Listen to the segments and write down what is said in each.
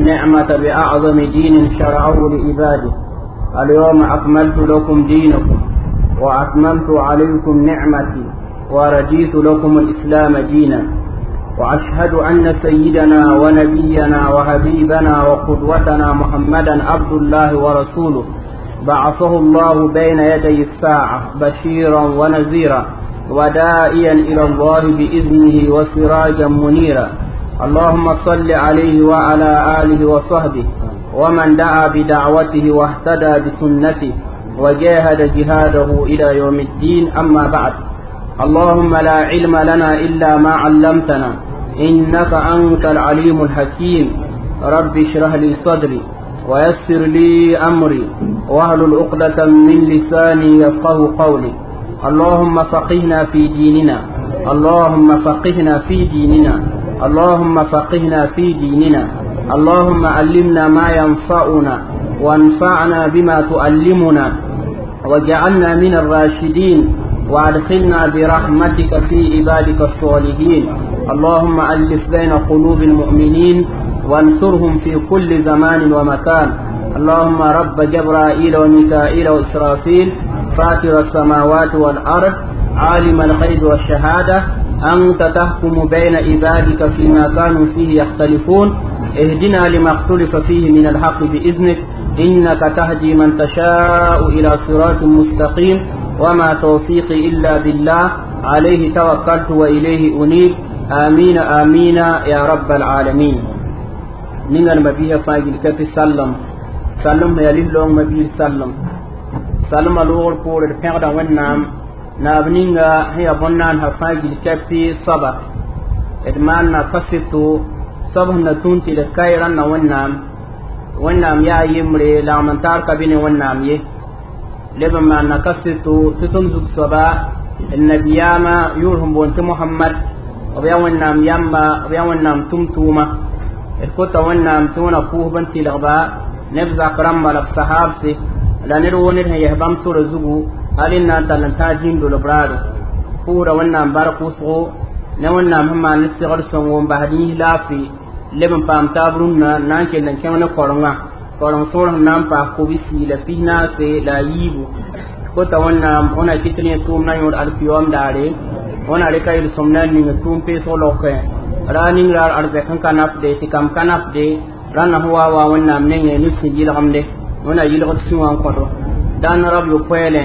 نعمة بأعظم دين شرعه لعباده اليوم أكملت لكم دينكم وأتممت عليكم نعمتي ورجيت لكم الإسلام دينا وأشهد أن سيدنا ونبينا وحبيبنا وقدوتنا محمدا عبد الله ورسوله بعثه الله بين يدي الساعة بشيرا ونذيرا وداعيا إلى الله بإذنه وسراجا منيرا اللهم صل عليه وعلى آله وصحبه ومن دعا بدعوته واهتدى بسنته وجاهد جهاده إلى يوم الدين أما بعد اللهم لا علم لنا إلا ما علمتنا إنك أنت العليم الحكيم رب اشرح لي صدري ويسر لي أمري واهل العقدة من لساني يفقه قولي اللهم فقهنا في ديننا اللهم فقهنا في ديننا اللهم فقهنا في ديننا اللهم علمنا ما ينفعنا وانفعنا بما تعلمنا واجعلنا من الراشدين وادخلنا برحمتك في عبادك الصالحين اللهم ألف بين قلوب المؤمنين وانصرهم في كل زمان ومكان اللهم رب جبرائيل وميكائيل وإسرافيل فاتر السماوات والأرض عالم الغيب والشهادة أنت تحكم بين عبادك فيما كانوا فيه يختلفون اهدنا لما اختلف فيه من الحق بإذنك إنك تهدي من تشاء إلى صراط مستقيم وما توفيقي إلا بالله عليه توكلت وإليه أنيب آمين آمين يا رب العالمين من مبيه فاجل كفي سلم سلم يا لله مبيه سلم سلم الور بور الفقر والنعم naab ninga sẽn yaa bõn-naan sã fãa gil kɛpɩ soaba d maanna ka fɩto soab sẽn na tũn tɩ d kae rãnna wẽnnaam wẽnnaam yaa yembre lagem n taar ka bɩ ne wẽnnaam ye leb n maanna ka fɩto tɩ tõnd zug soaba d nabiyaamã yʋʋr sẽn boon tɩ mohamad b yaa wẽnnaam yamba b yaa wẽnnaam tʋm-tʋʋma d kota wẽnnaam tɩ wẽna pʋʋsb n tɩlgba neb zak rãmba la b sahaabse la ned wo ned sẽn yɛs bãmb sora zugu alin na talan ta jin do lobrado pura wannan bar ku so ne wannan mamma ne sigar son won ba hadi lafi leban pam tabrun na nan ke nan ke na koronga koron soran nan pa ko bisi la fina se la yibu ko ta wannan ona kitne tum na yor alfiyom dare ona re kayil somnan ni tum pe so lokke raning rar arze kan kanaf de tikam kanaf de na huwa wa wannan ne ne nusin jilgamde ona yilgat suwan kodo dan rab yo kwele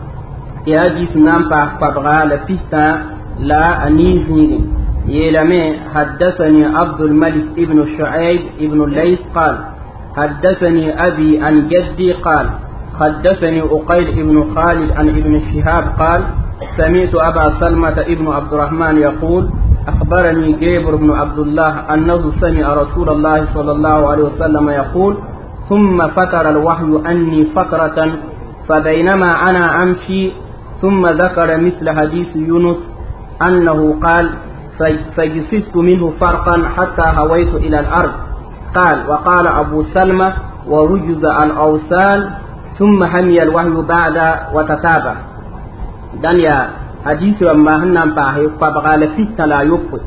يا جيس n na n لا pabga la pistã la a nii zĩige yeelame haddasani abdulmalik ibnu shuaib ibnu lays qal haddasani حدثني أقيل ابن خالد عن ابن شهاب قال سمعت أبا سلمة ابن عبد الرحمن يقول أخبرني جابر بن عبد الله أنه سمع رسول الله صلى الله عليه وسلم يقول ثم فتر الوحي أني فترة فبينما أنا أمشي ثم ذكر مثل حديث يونس أنه قال فجسست منه فرقا حتى هويت إلى الأرض قال وقال أبو سلمة ووجز الأوصال ثم همي الوحي بعد وتتابع دنيا حديث وما هنم باه فبغال فيت لا يبقي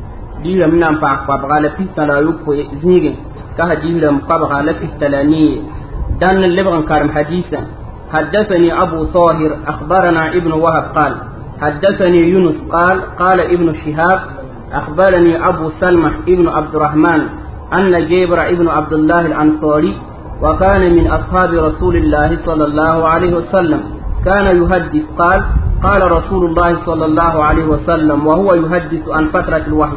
دير من باه فبغال فيت لا يبقي زنيرين كهدير فبغال فيت لا ني دان اللبغن كارم حديثا حدثني أبو طاهر أخبرنا ابن وهب قال حدثني يونس قال قال ابن شهاب أخبرني أبو سلمة ابن عبد الرحمن أن جابر ابن عبد الله الأنصاري وكان من أصحاب رسول الله صلى الله عليه وسلم كان يحدث قال قال رسول الله صلى الله عليه وسلم وهو يحدث عن فترة الوحي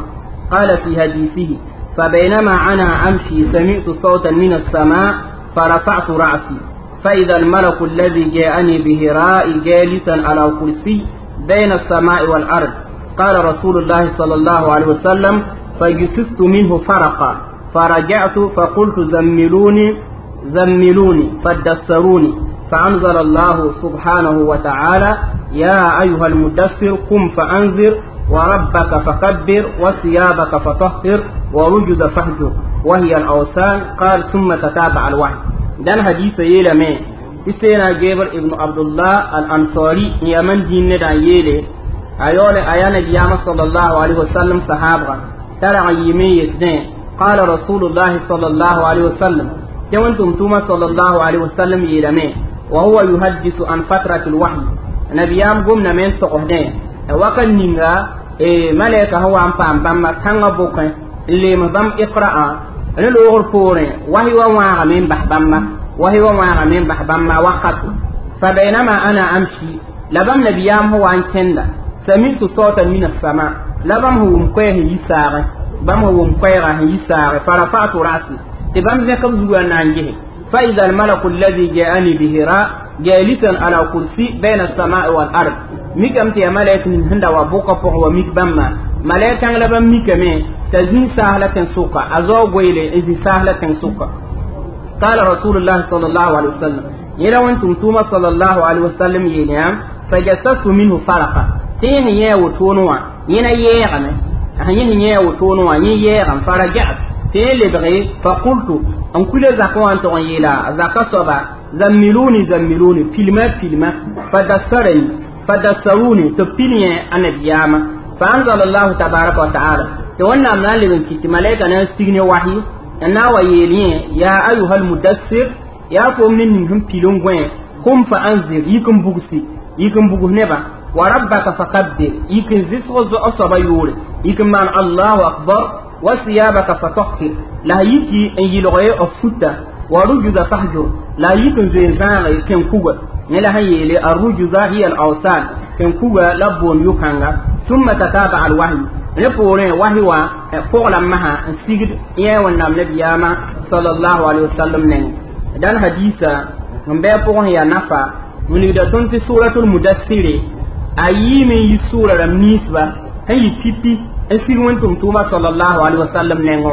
قال في حديثه فبينما أنا أمشي سمعت صوتا من السماء فرفعت رأسي فإذا الملك الذي جاءني به رائي جالسا على كرسي بين السماء والأرض قال رسول الله صلى الله عليه وسلم فجسست منه فرقا فرجعت فقلت زملوني زملوني فدسروني فأنزل الله سبحانه وتعالى يا أيها المدثر قم فأنذر وربك فكبر وثيابك فطهر ورجز فاهجر وهي الأوثان قال ثم تتابع الوحي dan hadisa yela me isena gebr ibn abdullah al ansari yaman dinne da yele ayole ayana biyama sallallahu alaihi wasallam sahaba tara yimi yedne qala rasulullah sallallahu alaihi wasallam yawan tumtuma sallallahu alaihi wasallam yela me wa huwa yuhaddisu an fatratil wahyi nabiyam gumna men sohne wakan ninga e malaika hawa am pam bamma tanga bokan lema bam iqra'a ne loogr poorẽ wahi wa wãaga me bas bãmba wahi wa wãaga me bas bãmba wakato fa bainama ana amshi la bãmb nabiyaam sẽn wa n kẽnda samitu sota min asama la bãmb sẽn wʋm koɛɛ sẽn yi saagẽ bãmb sẽn wʋm koɛɛga sẽn yi saagẽ fa rafatu rasi tɩ bãmb zẽkb zugã na n gese فإذا الملك الذي جاءني به راء جالسا على كرسي بين السماء والأرض ميكم تي ملايك من هند وبوكا فوق وميك بما ملك أن لبا مي تزين سهلة سوكا أزو قويلة إذن سهلة سوكا قال رسول الله صلى الله عليه وسلم يلا وانتم توما صلى الله عليه وسلم ينام فجسست منه فرقا تيه يا وتونوا ينا يغنى هين يا وتونوا ينا يغنى فرجعت tɩ y lebge fa qultu n kule zakẽ wã n tʋg n yeela zakã soaba zammiluni zammiluni pilma pilma fa dassarani fa dassaruni tɩ pil yẽ a nebiyaama fa anzala allahu tabaraka wa taala tɩ wẽnnaam na n leb n kɩ tɩ malaika na n sig ne wasy n na n wa yeel yẽ yaa ayuha almudassir yaa foom ne ning sẽn pil n gõe kom fa anzir yik n bugsi yik n bugs nebã wa rabbaka fakabbir yik n zɩsg zo'o soaba yoore yik n maan allahu akbar وسيابك فتطهر لا يكي ان يلغي افتا ورجز فهجر لا يكن زيزان كن كوغا نلا هي لي الرجز هي الأوسان كن كوغا لبون يكنغ ثم تتابع الوحي نبورين وحي وا فولا مها سيغد يا ونام لبياما صلى الله عليه وسلم نين نعم. دان حديثا مبه بون يا نفا من يدتون في سوره المدسيري أي من يسوره النسبه هي تيبي n sig wẽnnaam tʋʋma sallallahu alaihi wasallam nengẽ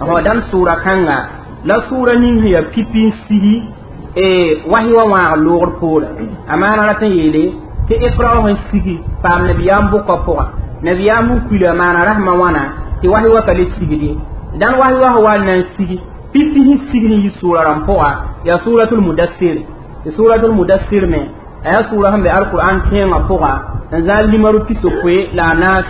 wã ko dãmb sʋʋra kãnga la sʋʋra ning sẽn yaa pipi n wa wahi wã wãag loogr poora a maana ra tɩ yeele tɩ ikrao sẽn sigi paam nabiyaam bʋka pʋga nabiyaam sẽn kuila maana rasmã wãna tɩ wahi wã ka le sigdi dãn wahi wã wa n na n sigi pipi sẽn sig ne yi sʋʋra rãmb pʋga yaa sʋʋratul mudassir tɩ sʋʋratul mudassir me a yaa sʋʋra sẽn be alquran kẽengã pʋga n zã n limaru pisopoe la a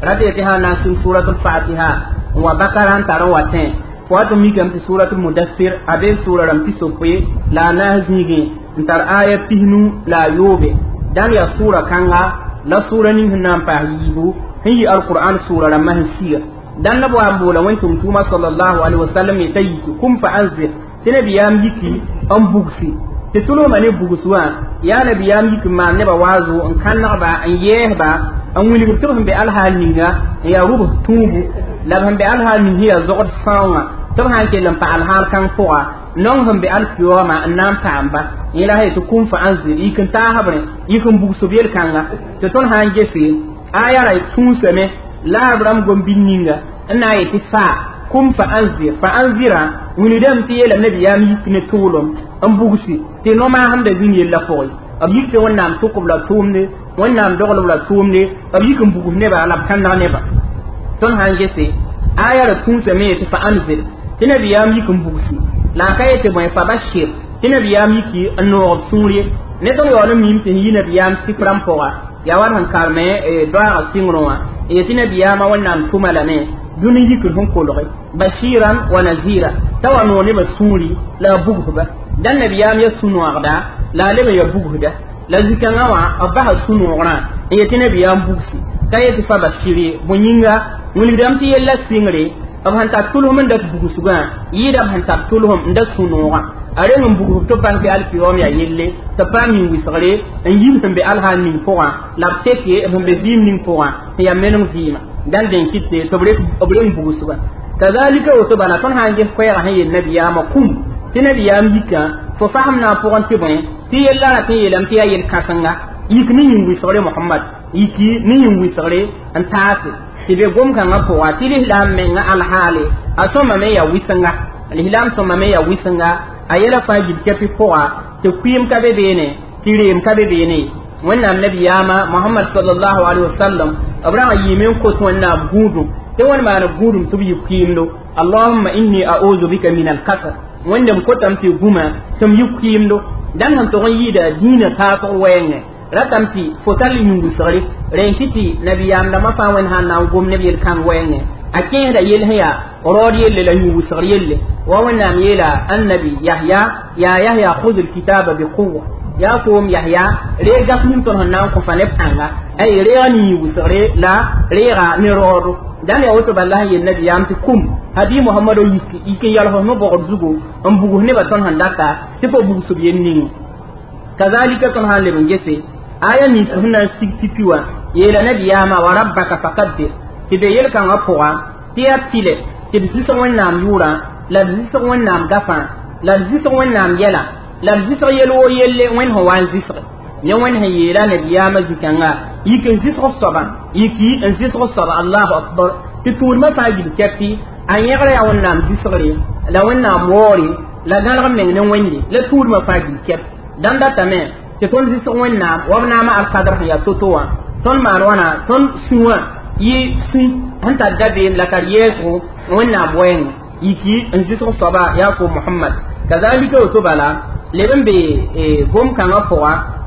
rati ha na sun suratul fatiha wa bakaran taro waten wato mi kam ti suratul mudassir abe suraram ti sokwe la nahzigi ntar aya pihnu la yobe dan ya sura kanga la sura nin hinna pa yibu yi alquran sura mahsiya dan nabu ambula wan tum tuma sallallahu alaihi wasallam yatayi kum fa anzir tinabi yam yiki an bugsi ti tulo mane bugusuwa ya nabi ya mi kuma ne ba wazo in kan ba an ye ba an wuli bi tubin bi alhal ninga ya rubu tubu la ban bi alhal min hiya zogot sawa tubin han ke lampa alhal kan fuwa non han bi alfiwa ma nan tamba ila hay tu kun fa anzir ikin ta habre ikin bugusu biyel kanga to ton han ge fi aya ra tun seme la abram gombin binninga ina yi ti fa kun fa anzir fa anzira wuli dam ti yela nabi ya mi ne tulum n bugsi te no maasem da zĩn yella pʋgẽ b yik tɩ wẽnnaam tʋkb la tʋʋmde wẽnnaam doglb la tʋʋmde b yik n bugs neba la b na ne ba. sã han gese aya ra me tɩ fa anzir tɩ nabiyaam yik n bugsi la n ka yetɩ bõe fa bashir tɩ nabiyaam yiki n noogb sũur ye ne tõnd yaool n miim tɩ n yi nabiyaam sɩk rãmb pʋga yaa war sẽn karme e, doaagã sɩngrẽ wã e, tɩ nabiyaamã wẽnnaam tʋma lame dũni yikr ko kolge bashiran wa nazira t'a wa noog nebã sũuri la bugu ba. dan na biya mi sunu noagda la le me n ya la zika na wã abba sunu sũ-noogrã n biya nabiyaam bugsi ka yetɩ fa basiri bõe yĩnga wilgdame tɩ yella sɩngre b sẽn tar tʋlsm n dat bugsgã yɩɩda b sẽn tar tʋlsm n da sũ-noogã a reng n bugsb tɩ b pa n pe alpiyoom yaa yelle ta b mi n min-wɩsgre n yib sẽn be alhaal ning pʋgã la te teke b sẽn be vɩɩm ning pʋgã ya yaa meneg vɩɩmã dãn den kitte to bre obre bugsga kazalika woto bala tõnd sã n ges koɛɛgã sẽn yel nabiyaamã kũm tɩ nabiyaam yikã fo fasem na n pʋgẽ tɩ bõe tɩ yella ti tɩ n yeelame tɩ yaa yel-kãsenga yik ne yĩn-wɩsgre mohamad yiki ne yĩn-wɩsgre n taase tɩ be gom-kãngã pʋga tɩ lislaam menga alhaale a sõmame n yaa wɩsenga lislaam sõmame n yaa wɩsenga a yɛla fãa yib kɛpɩ pʋga tɩ kʋɩɩm ka be beene tɩ reem ka be beene wẽnnaam ma mohamad sallallahu alaihi wasallam b rãng a yiime n kot wẽnnaam gũudum tɩ wẽn maan b gũudum tɩ b yib kɩɩmdo allahuma inni a'uudu bika min alkasr wẽnnaam kotam mpi gũma tɩm yik kɩɩmdo dan sẽn tog n yɩɩda dĩinã taasg wɛɛngẽ ratame tɩ fo tar yũngusgre rẽn kɩ tɩ nabiyaam dãmbã fãa wẽnd sã n na n gom neb yel-kãng wɛɛngẽ a kẽesda yell sẽn yaa raood yelle la yũngusg yelle wa wẽnnaam yeela annabi yahya ya yahya khud bi biquwa ya foom yahya reeg gas nin tõnd sẽn na n kõ fa neb pãnga ay reega ne yũngusgre la reega ne raoodo Danye wote balayye nabiyam te koum, hadiye Mohamadou Lissi ike yalho nou borg zougou, mbougou ne baton han data, te pou boug soubyen nini. Kazalike ton hal le mwengese, aya mwengese hounan stik titiwa, ye la nabiyama warab baka fakadde, te de yel kan wapouwa, te ap tile, te bizisre wen nam yura, la bizisre wen nam gafan, la bizisre wen nam yela, la bizisre yel ou yele wen ho wan zisre. يا وين هيلان يا مزيكانا يك انسيس غصبا يك انسيس غصبا الله أكبر تطور ما تاجي بكتي أن يغري أو نام جسغري لو إن أموري لا جالغ من نويني ما تاجي بكت دان دا تمام تكون زيس وين نام وابن نام القدر هي توتوا ماروانا تون سوا يي سي أنت جابين لكاريسو وين نام وين يكي انسيس غصبا يا محمد كذلك وتبالا لبن بي غوم إيه، كانوا فوا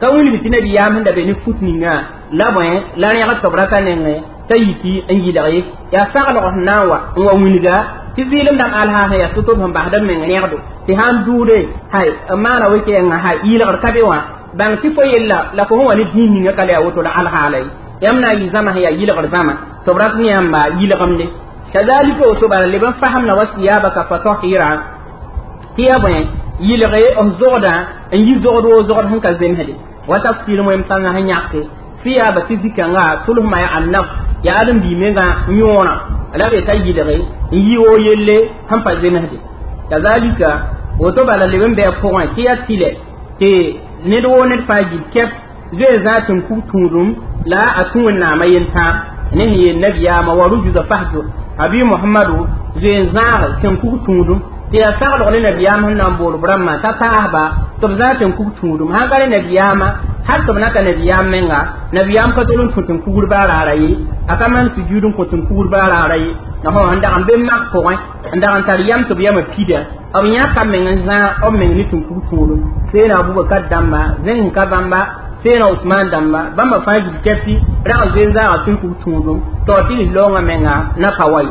ka wini bi tinabi min da be ni nga la moyen la ne rat kabra ka ne tayiti angi da yi ya sagal ko nawa wa winiga ti zilim dan alha ha ya tutum hum da men ne yardu ti han dure hay na wake en ha ila ka be wa bang ti foyella la ko wani dini ne kala wato la alha lai yamna yi zama ya ila zama to brat ni yamba ila kamde kadhalika usubara liban fahamna baka fatahira hiya bayan yilge f zogda n yi zogd woo zogd sẽn ka zemsde wa tafsir moem sãnga sẽn yãke fiyaaba tɩ zikãngã tʋlsma ya annaf ya adem-bii mengã yõorã la be t'a yilge n yi o yelle sẽn pa zemsde kazalika woto bala leb n bɩ a pʋgẽ tɩ yaa tɩ lɛ tɩ ned woo ned fãa gil kɛp zoe zã tɩ n kug tũudum la a tũ wẽnnaamã yentã ne sẽn yeel nabiyaamã wa rujuda fahdo abi mohamado zoe zãag tɩ n kug tũudum tɩ yaa saglg ne nabiyaamã n nan boor brãmbã ta taasba tɩ b zaa tɩ n kug tũudum sãn gare nabiyaamã hal tɩ b nata nabiyaam menga nabiyaam ka tol n tũ tɩ n kugr baaraara ye a ka man sujuud n kõ tɩ n kugr baaraara ye fo n dag n be mag pʋgẽ n dag n tar yam tɩ b yamã pida b yãk ka meng n zãag b meng ne tɩ n kug tũudum seena abubakar dãmba zẽng ka bãmba seena osman dãmba bãmba fãa zug kɛpsi rag zen zaaga tɩ n kug tũudum tɩ tɩ lislaoongã menga na pa wa ye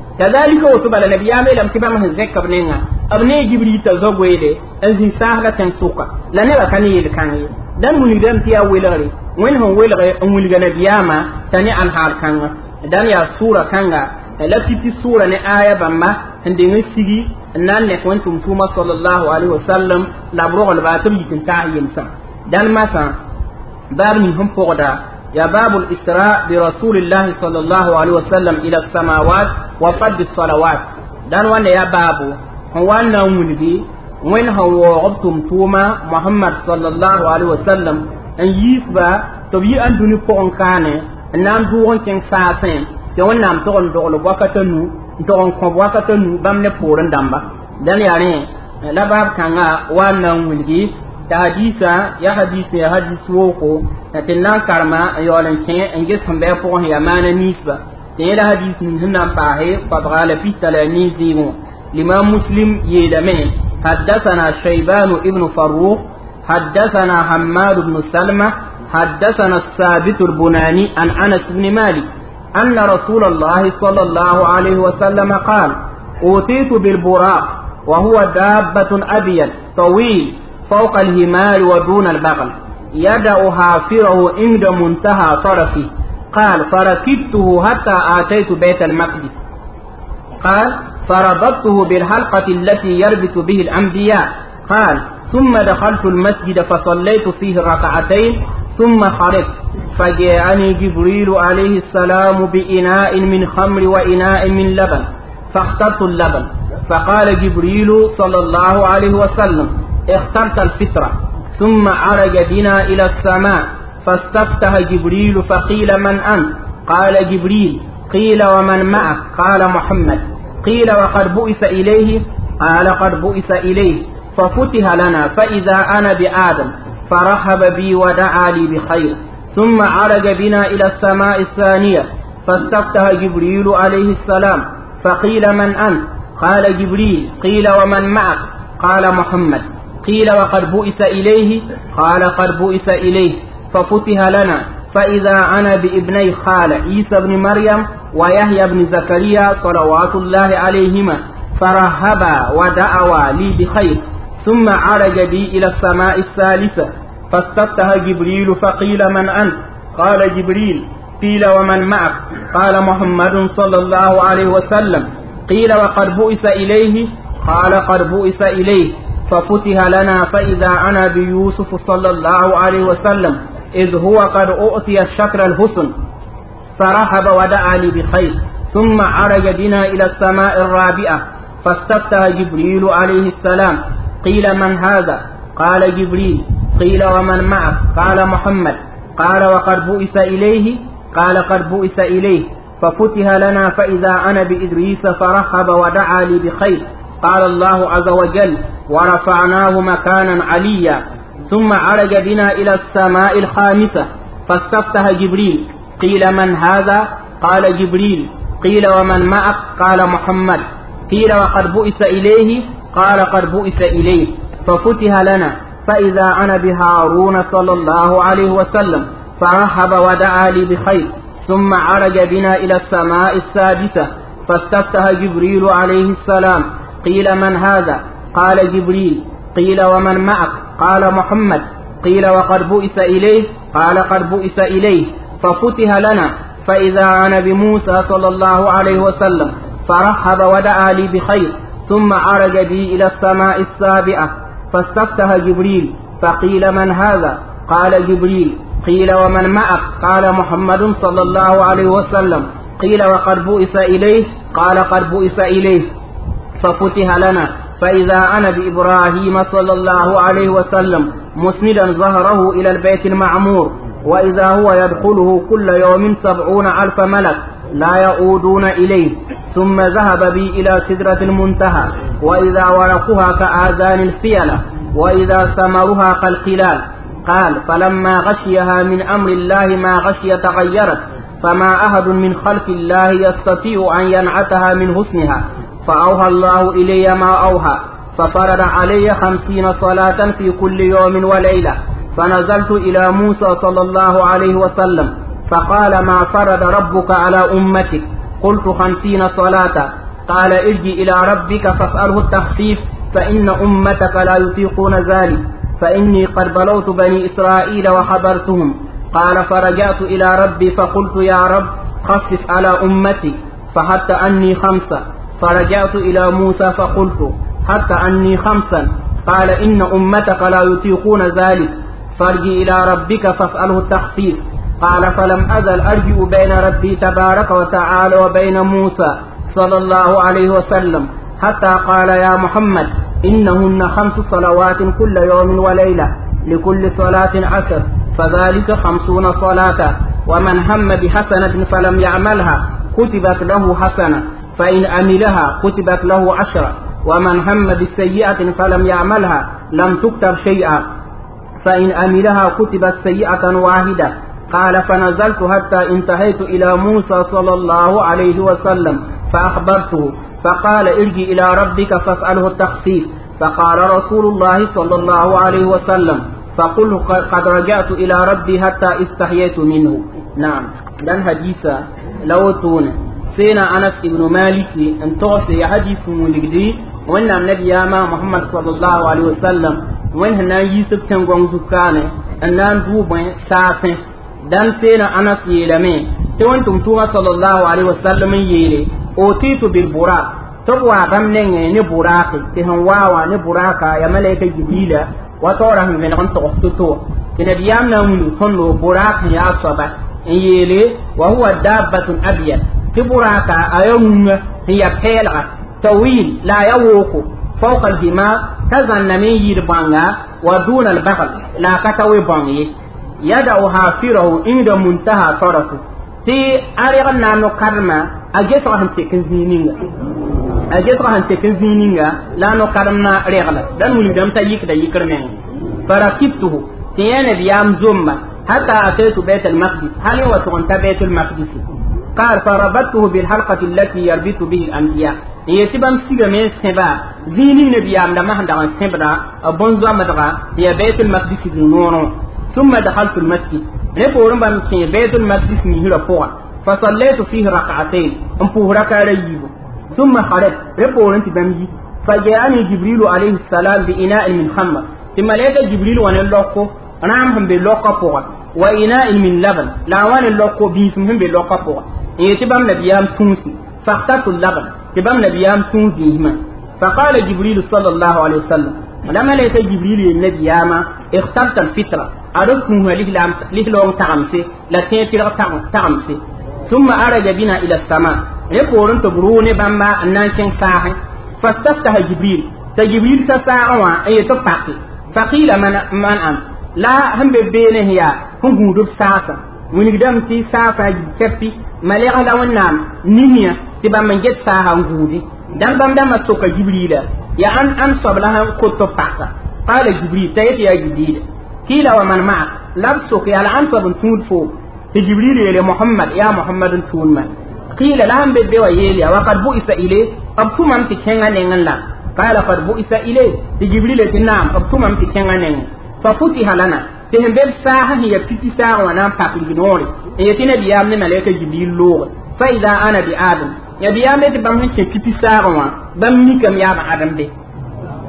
kadhalika woto bala nabiyaama yeelame tɩ bãmb sẽn zẽk b nengã b ne jibril t'a zo goeele n zĩ sãasla tẽn sʋka la nebã ka ne yel-kãng ye dãn wilgdame tɩ yaa welgre wẽnd sẽn welge n wilga nabiyaamã t'a ne ãnhaal kãngã dãmb yaa sʋʋra kãnga la pipi sʋʋra ne aaya bãmba sẽn deng n sigi n na n nẽk wẽn tʋm tʋʋma salallahu alaihi wasallam la b roglba tɩ b yik n taas yemsã dãn masã baab ning sẽn pʋgda يا باب الإسراء برسول الله صلى الله عليه وسلم إلى السماوات وفد الصلوات دان وانا يا باب هو وانا ونبي وين هو عبتم توما محمد صلى الله عليه وسلم أن يسبا تبي أن دوني فون كان نام دوون كن ساسين يوان نام تغن دغل بوكتنو تغن كن بوكتنو بام فورن دامبا دان يعني لباب كان وانا ونبي tɩ hadiisã yaa hadiis ya hadisi woko na n karma n yaool n kẽ n ges sẽn ya a pʋgẽ yaa maana niisba tɩ yẽla hadiis nin sẽn na la pista la yaa nii zɩɩgẽ wã limam muslim yeelame ibn farruq ابن فروخ ibn salma بن سلمة حدثنا الثابت البناني ibn أنس بن مالك أن رسول الله صلى الله عليه وسلم قال أوتيت بالبراق وهو دابة أبيض طويل فوق الهمال ودون البغل يدع حافره عند منتهى طرفه قال فركبته حتى آتيت بيت المقدس قال فربطته بالحلقة التي يربط به الأنبياء قال ثم دخلت المسجد فصليت فيه ركعتين ثم خرجت فجاءني جبريل عليه السلام بإناء من خمر وإناء من لبن فاخترت اللبن فقال جبريل صلى الله عليه وسلم اخترت الفطرة ثم عرج بنا إلى السماء فاستفتح جبريل فقيل من أنت قال جبريل قيل ومن معك قال محمد قيل وقد بؤس إليه قال قد بؤس إليه ففتح لنا فإذا أنا بآدم فرحب بي ودعا لي بخير ثم عرج بنا إلى السماء الثانية فاستفتح جبريل عليه السلام فقيل من أنت قال جبريل قيل ومن معك قال محمد قيل وقد بؤس إليه قال قد بؤس إليه ففتح لنا فإذا أنا بابني خال عيسى بن مريم ويحيى بن زكريا صلوات الله عليهما فرهبا ودعوا لي بخير ثم عرج بي إلى السماء الثالثة فاستفتح جبريل فقيل من أنت قال جبريل قيل ومن معك قال محمد صلى الله عليه وسلم قيل وقد بؤس إليه قال قد بؤس إليه ففتح لنا فإذا أنا بيوسف صلى الله عليه وسلم إذ هو قد أؤتي الشكر الحسن فرحب ودعا لي بخير ثم عرج بنا إلى السماء الرابعة فاستفتح جبريل عليه السلام قيل من هذا قال جبريل قيل ومن معه قال محمد قال وقد بؤس إليه قال قد بؤس إليه ففتح لنا فإذا أنا بإدريس فرحب ودعا لي بخير قال الله عز وجل ورفعناه مكانا عليا ثم عرج بنا إلى السماء الخامسة فاستفتح جبريل قيل من هذا قال جبريل قيل ومن معك قال محمد قيل وقد بؤس إليه قال قد بؤس إليه ففتح لنا فإذا أنا بهارون صلى الله عليه وسلم فرحب ودعا لي بخير ثم عرج بنا إلى السماء السادسة فاستفتح جبريل عليه السلام قيل من هذا قال جبريل قيل ومن معك قال محمد قيل وقد بئس إليه قال قد بئس إليه ففتح لنا فإذا أنا بموسى صلى الله عليه وسلم فرحب ودعا لي بخير ثم عرج بي إلى السماء السابعة فاستفتح جبريل فقيل من هذا قال جبريل قيل ومن معك قال محمد صلى الله عليه وسلم قيل وقد بئس إليه قال قد بئس إليه ففتح لنا فإذا أنا بإبراهيم صلى الله عليه وسلم مسندا ظهره إلى البيت المعمور وإذا هو يدخله كل يوم سبعون ألف ملك لا يعودون إليه ثم ذهب بي إلى سدرة المنتهى وإذا ورقها كآذان الفيلة وإذا ثمرها كالقلال قال فلما غشيها من أمر الله ما غشي تغيرت فما أحد من خلف الله يستطيع أن ينعتها من حسنها فأوهى الله إلي ما أوهى ففرض علي خمسين صلاة في كل يوم وليلة فنزلت إلى موسى صلى الله عليه وسلم فقال ما فرض ربك على أمتك قلت خمسين صلاة قال ارج إلى ربك فاسأله التخفيف فإن أمتك لا يطيقون ذلك فإني قد بلوت بني إسرائيل وحضرتهم قال فرجعت إلى ربي فقلت يا رب خفف على أمتي فحتى أني خمسة فرجعت إلى موسى فقلت حتى أني خمسا قال إن أمتك لا يطيقون ذلك فارجع إلى ربك فاسأله التخفيف قال فلم أزل أرجو بين ربي تبارك وتعالى وبين موسى صلى الله عليه وسلم حتى قال يا محمد إنهن خمس صلوات كل يوم وليلة لكل صلاة عشر فذلك خمسون صلاة ومن هم بحسنة فلم يعملها كتبت له حسنة فإن أملها كتبت له عشرة ومن هم بسيئة فلم يعملها لم تكتب شيئا فإن أملها كتبت سيئة واحدة قال فنزلت حتى انتهيت إلى موسى صلى الله عليه وسلم فأخبرته فقال ارجع إلى ربك فاسأله التخفيف فقال رسول الله صلى الله عليه وسلم فقل قد رجعت إلى ربي حتى استحييت منه نعم لن حديثة لو تونه سينا أنس بن مالك أن توصي حديث مولدي وأن النبي ياما محمد صلى الله عليه وسلم وأن هنا يوسف كان غنزكان أن نان ساسن دان سينا أنس يلمي تونتم تورا صلى الله عليه وسلم يلي أوتيت بالبراق تبوا بام نينغ ني براقي تهن واوا ني براقا يا ملائكة جبريل وتورا من غن تغفتو النبي يامنا من صنو براق يا صبا يلي وهو دابة أبيض تبراكا أيوم هي بحيلة طويل لا يوكو فوق الهما تزن من يربانا ودون البغل لا كتوي بانغي يدعوها فيره عند منتهى طرفه تي أريغنا نكرما أجسرهم تكزينينا أجسرهم تكزينينا لا نكرمنا ريغلا دانو ولدام تيك دا يكرمين فركبته تيانا بيام زوما حتى أتيت بيت المقدس هل وتغنت بيت المقدس قال فربطته بالحلقة التي يربط به الأنبياء يتبم إيه، سيغا من سيبا زيني نبيا عم لما هندغا سبرا بنزو مدغا هي بيت المقدس نورو ثم دخلت المسجد نبو رمبا كي بيت المقدس نهيرا فوق فصليت فيه ركعتين امبو ركعتين ثم خرجت نبورن تبم فجاءني جبريل عليه السلام بإناء من خمر ثم لقى جبريل وانا لوكو نعمهم هم فوق وإناء من لبن لا وانا بيسمهم بيسم فوق يتبام نبيام تونسي فاختاتوا اللبن تبام نبيام تونسي هما فقال جبريل صلى الله عليه وسلم لما ليس جبريل النبيام اخترت الفطرة أردتم تعمسي تغمسي لتيتر تعمسي ثم أرج بنا إلى السماء يقولون إيه تبرون بما أنانشن ساحي فاستفتح جبريل تجبريل تساعوا أي تبقى فقيل من, من أم لا هم ببينه يا هم هدوب ساسا wini dam ti safa keppi malaka la wannan ninya ti ba man get sa han gudi dan bam dam to ka jibrila ya an an sabla han ko to faka qala jibril ta ya jibril kila wa man ma'a labsu ki al an sabun tun fo ti jibril ya muhammad ya muhammadun tun man qila laham be be wa yeli wa qad bu'isa ile abtu man ti kenga nengan la qala qad bu'isa ile ti jibril ti nam abtu man ti kenga nengan fa futiha lana tɩ sẽn bel saasã sẽn yaa piti saagẽ wã na n pak yinoore n yetɩ nabiyaam ne malɛka jibril looge fa ida ana bi adam nabiyaam me tɩ bãmb sẽn kẽ piti saagẽ wã bãmb mikame yaabã adam be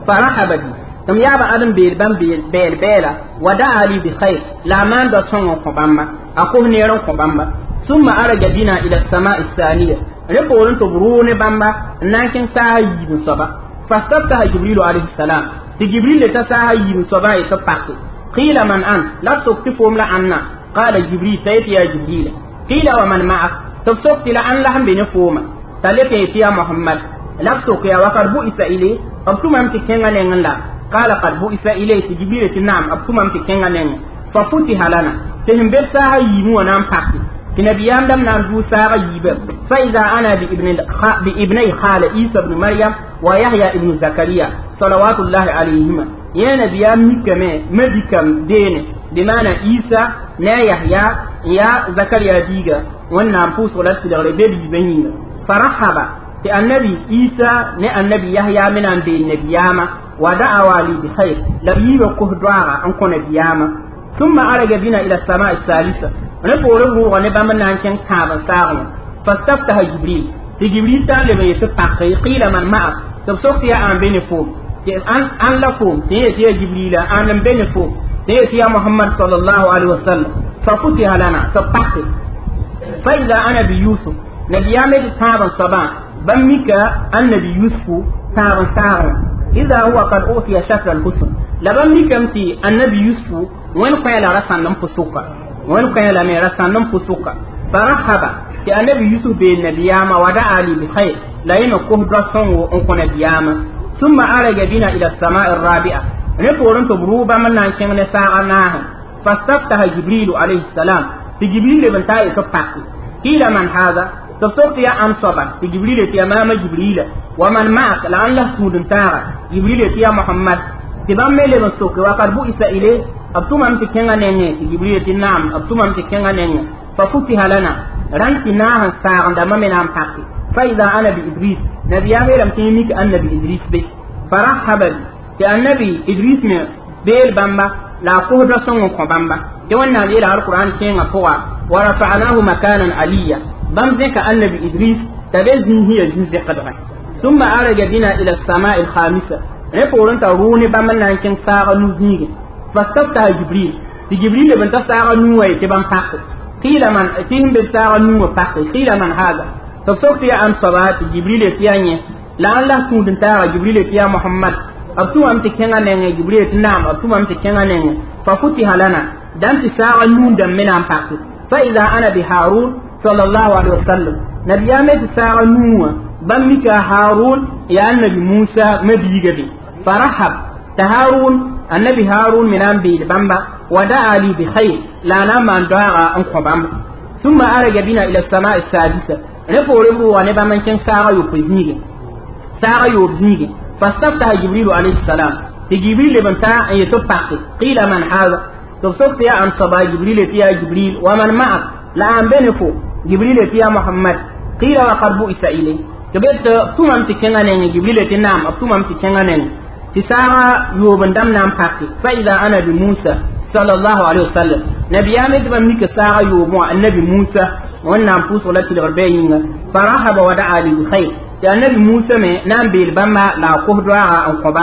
fa rahaba bi tɩm yaabã adam beel bãmb bɛɛl bɛɛla wa daa li bi xayr la a maan da sõng n kõ bãmba a kos neer n kõ bãmba summa araja bina ila samai thaniya rẽ poor n tɩ b rʋʋg ne bãmba n na n kẽ saasa yiib n soaba fastabtaha jibrilu alayhi salam tɩ jibril le ta saasa yiib n soabã n yetɩ pake قيل من أنت لا تكتفهم لأنا قال جبريل سيت يا جبريل قيل ومن معك تفسقت لأن لهم بنفهم سألت يا محمد لا يا وقر بؤس إليه أبتم أمت كنغا لا قال قد بؤس إليه جبريل نعم أبتم أمت كنغا ففتح لنا تهم بساها يمو ونام حقي تنبيان دم نرجو ساغا يبر فإذا أنا بابن الخ... بابني خال عيسى بن مريم ويحيى بن زكريا صلوات الله عليهما yana biya mikame medikam dene bimana isa na yahya ya zakariya diga wannan fu solat da rabe bi banyina farahaba ti annabi isa ne annabi yahya minan be nabiyama wa da'awa li bi khair la yiba kuhdara an kona biyama thumma araga bina ila as-sama'i as-salisa ne bore ruwa ne bamba nan kan kaba sa'u fastaftaha jibril ti jibril ta le mai ta qila man ma'a tabsofti ya an bene fu an la fom tɩ yee tɩ yaa jibrila ãn n be ne fom tɩ yee tɩ yaa mohamad sal llahu alaihi wasallam fa futiha lana tɩ pake fa ida anabi yusuf nabiyaame tɩ tãab n soabã bãmb mika annabi yusufu tãab n saagre ida huwa kad utiya shatra lhusn la bãmb mikame tɩ annabi yusufu wẽnd kõela ra sãnd n pʋsʋka wẽnd kõela me ra sãnd n pʋsʋka fa rahaba tɩ annabi yusuf bee nabiyaama wa daa li bixayr la yẽ me kos dra sõngo n kõ nabiyaama ثم عرج بنا إلى السماء الرابعة نقولن تبروبا من نانشن نساء ناهن فاستفتح جبريل عليه السلام في جبريل بن تائي كفاكي قيل من هذا تصوت يا أنصبا في جبريل يا ماما جبريل ومن معك لأن له سود تارا جبريل يا محمد تبام ميلي بن سوك وقد بؤس إليه أبتم أمت كنغا نيني في جبريل نعم أبتم أمت كنغا نيني ففتح لنا رانتي ناهن ساعن دمام نام حقي فإذا أنا بإبريس نبي نبيام إلم تيميك نبي إدريس بي فرحبا تي نبي إدريس مي بيل بامبا لا فهد سنو كو بامبا تي وانا لها القرآن كينا فوا ورفعناه مكانا عليا بام زيك نبي إدريس تبزن هي جزء قدرة ثم أرج بنا إلى السماء الخامسة رفورن تروني بامن لانكين ساغا نوزنيغي فاستفتها جبريل في جبريل لبن تفتح نوائي تبان فاقه قيل من تيهم بالساغا نوائي فاقه قيل من هذا فسوكتي أم صبات جبريل تياني لا الله سود انتا جبريل تيا محمد أبتو أم تكينا نيني جبريل نعم أبتو أم تكينا نيني ففوتي هالانا دانتي ساعة نون دم من أم فاكت فإذا أنا بهارون صلى الله عليه وسلم نبي أمت ساعة نون بمك هارون يا النبي موسى مديجبي فرحب تهارون النبي هارون من أم بيل بامبا ودعا لي بخير لا نام أن دعا أنكو ثم أرجع بنا إلى السماء السادسة رفور بروا نبا من كان ساغا يوكو يبنيغ ساغا يوبنيغ فاستفتح جبريل عليه السلام في جبريل تاع ان يتبقى قيل من هذا تبصفت يا عن صبا جبريل فيها جبريل ومن معك لا ان بنفو جبريل فيها محمد قيل وقد بؤس اليه تبت ثم انت كان ان جبريل تنام ثم انت كان ان تساغا يوبن دم نام حق فاذا انا بموسى صلى الله عليه وسلم نبي امد بن ميك ساغا النبي موسى wannan pʋʋs g la tɩlgr bɩa yĩnga fa rahaba wa daa lil khair ya annabi musa me nan bil beel la a kos doaaga n kõba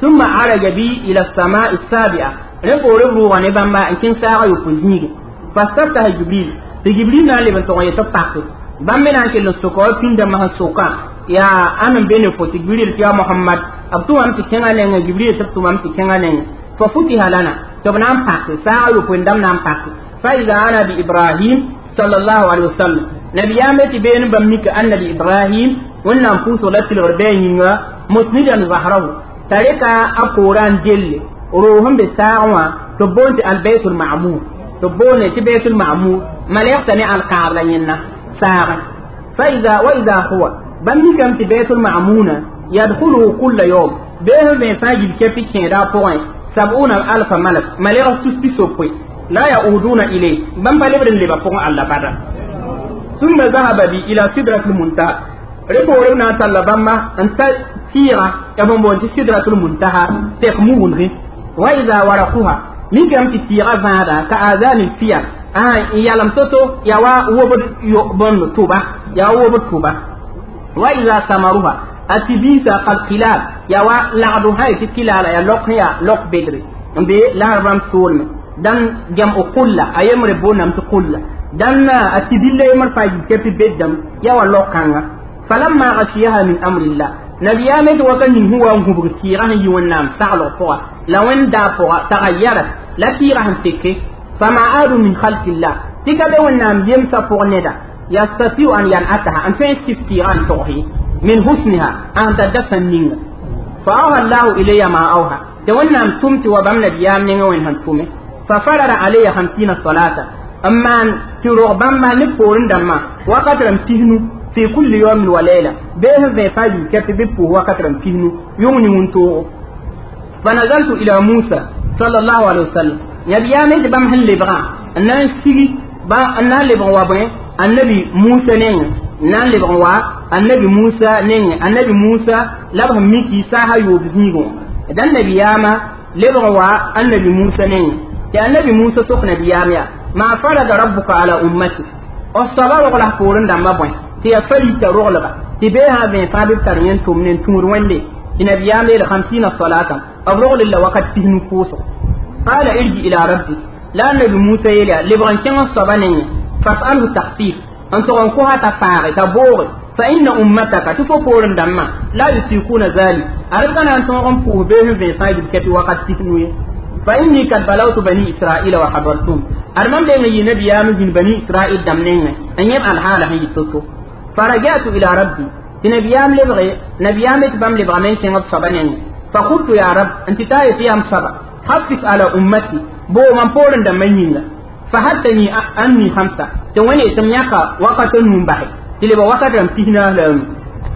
sũma araja bɩ ila samaa'i sabia rẽ boore b rʋʋga ne bãmba n kẽng saaga yʋpʋ zĩige fastaftaha jibril tɩ jibril na le leb ya tog n yetɩ pake bãmb me na n kell n soka wa pĩndãmbã sẽn sokã yaa ãmb fo tɩ jibril tɩ muhammad abtu b ti tɩ kẽngã ne jibril tɩ b ti kẽngã ne fa futiha lana to b na n pake saaga yʋpʋ n dãmb na n pake fa ida ana bi ibrahim صلى الله عليه وسلم نبي يامتي بين بمك أن إبراهيم وإن أنفوس ولت الغربين مسندا ظهره تلك أقوران جل روهم بساعوا تبون البيت المعمور تبون البيت المعمور ما ليقتنع القابل ينا ساعه فإذا وإذا هو بمك أنت بيت المعمونة يدخله كل يوم بينهم بين فاجل كيفي كين سبعون ألف ملك ملك تسبي لا يعودون إليه بم بالبر اللي بفون على بعد ثم ذهب بي إلى سدرة المنتهى ريبوري نا تلا بما أنت سيرا يبون بون سدرة المنتهى تخمون وإذا ورقوها من كم تيرا هذا كأذان الفيا آه يعلم توتو يوا وبد يبون توبة يوا وبد توبة وإذا ثمرها أتبيسا قد خلال يوا لعدها تكلال يا لقيا لق بدري be la ram sulme dan jam o kulla a yemre nam to kulla dan a tidilla yemar faji kepi beddam wallo kanga falamma ghashiyaha min amrillah nabiyame to wata nin huwa an hubur yi wannan sa'lo poa la wen da poa ayara la tira han teke fama adu min khalqillah tika be wannan yem sa ya yastati an yan ataha an fe siftiran tohi min husniha an dasan ninga fa awha ilayya ma auha da wannan tumti wa bamna biyam ne ngawen han tumi fa farara alayya hamsina salata amman ti rogban ma ni porin dan ma wakatram tihnu fi kulli yawmin wa layla be he fa yi ke ti bipu wakatram tihnu yung ni mun to fa nazaltu ila musa sallallahu alaihi wasallam yabi ya ne bam halle ba annan sigi ba annan le ba wa ba annabi musa ne nan le ba wa annabi musa ne annabi musa labam miki saha yo bizingo dan nabi yama le ba wa annabi musa ne النبي موسى سخن بيام يا ما فرض ربك على أمتي أصلا وقلا فورن دم بوين تي أفري ترغلبا تي بيها بين فاب ترين تومن تمر وندي إن بيام إلى خمسين صلاة أغلغل إلا وقت فيه نفوسه قال ارجع إلى ربي لا النبي موسى يلا لبغن كان الصبا نيني فاسأله التخطيف أن تغنقها تفاري تبوغي فإن أمتك تفقورن دم لا يسيقون ذلك أردنا أن تغنقوا به بين فاب الكتب وقت فيه فإني قد بلوت بني إسرائيل وحضرتهم أرمان دي نجي نبي آمزين بني إسرائيل دمنين أن يبقى الحالة هي تتو فرجعت إلى ربي تنبي آمل بغي نبي آمت بامل بغمين كنب صبنين فقلت يا رب أنت تاي في أم صبا خفف على أمتي بو من بولن دمنين فهدتني أمني خمسة تواني تمياقا وقت المنبحي تلبا وقت رمتهنا لهم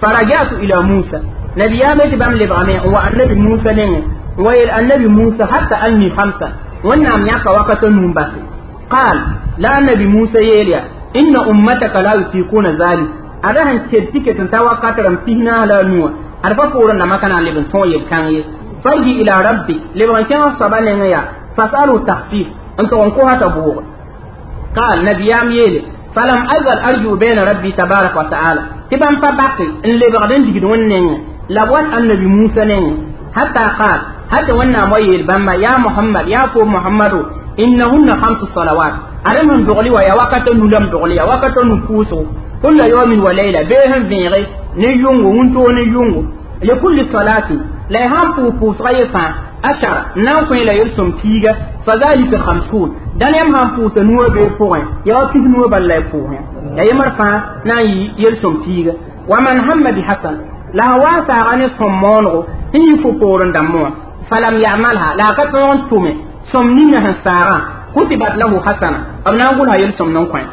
فرجعت إلى موسى نبي آمت بامل بغمين هو النبي موسى نين وإلى النبي موسى حتى أني خمسة وإن أم يعقى وقت منبس قال لا نبي موسى يليا إن أمتك لا يتيقون ذلك أرها تلتك تنتوى قطرا فينا لا نوى أرفا فورا لما كان لبن صوي الكاني فاجي إلى ربي لبن كان صبان نيا فسألوا تخفيف أنت وانكوها تبوغ قال نبي يلي فلم أزل أرجو بين ربي تبارك وتعالى تبان فباقي إن لبغدين تجدون نيا لابوات النبي موسى نيا حتى قال hadda wannan moyel bamma ya muhammad ya ko muhammadu innahunna khamsu salawat ara nun dogli wa ya wakato nu lam dogli ya wakato nu kuso kullu yawmin wa layla be han vinre ne yungu mun to ne yungu li kulli salati la han pu pu sayfa ashara nan ko la yursum tiga fa zalika khamsun dan yam han pu to nuwa be point ya wa tig nuwa balla pu ya yamar fa na yi yursum tiga wa man hamma bi hasan la wa sa gani sommongo hin fu porun dammo فلم يعملها لا كتون تومي سمنينها سارا كتبت له حسنة أبنا نقولها نعم يلسم ننقين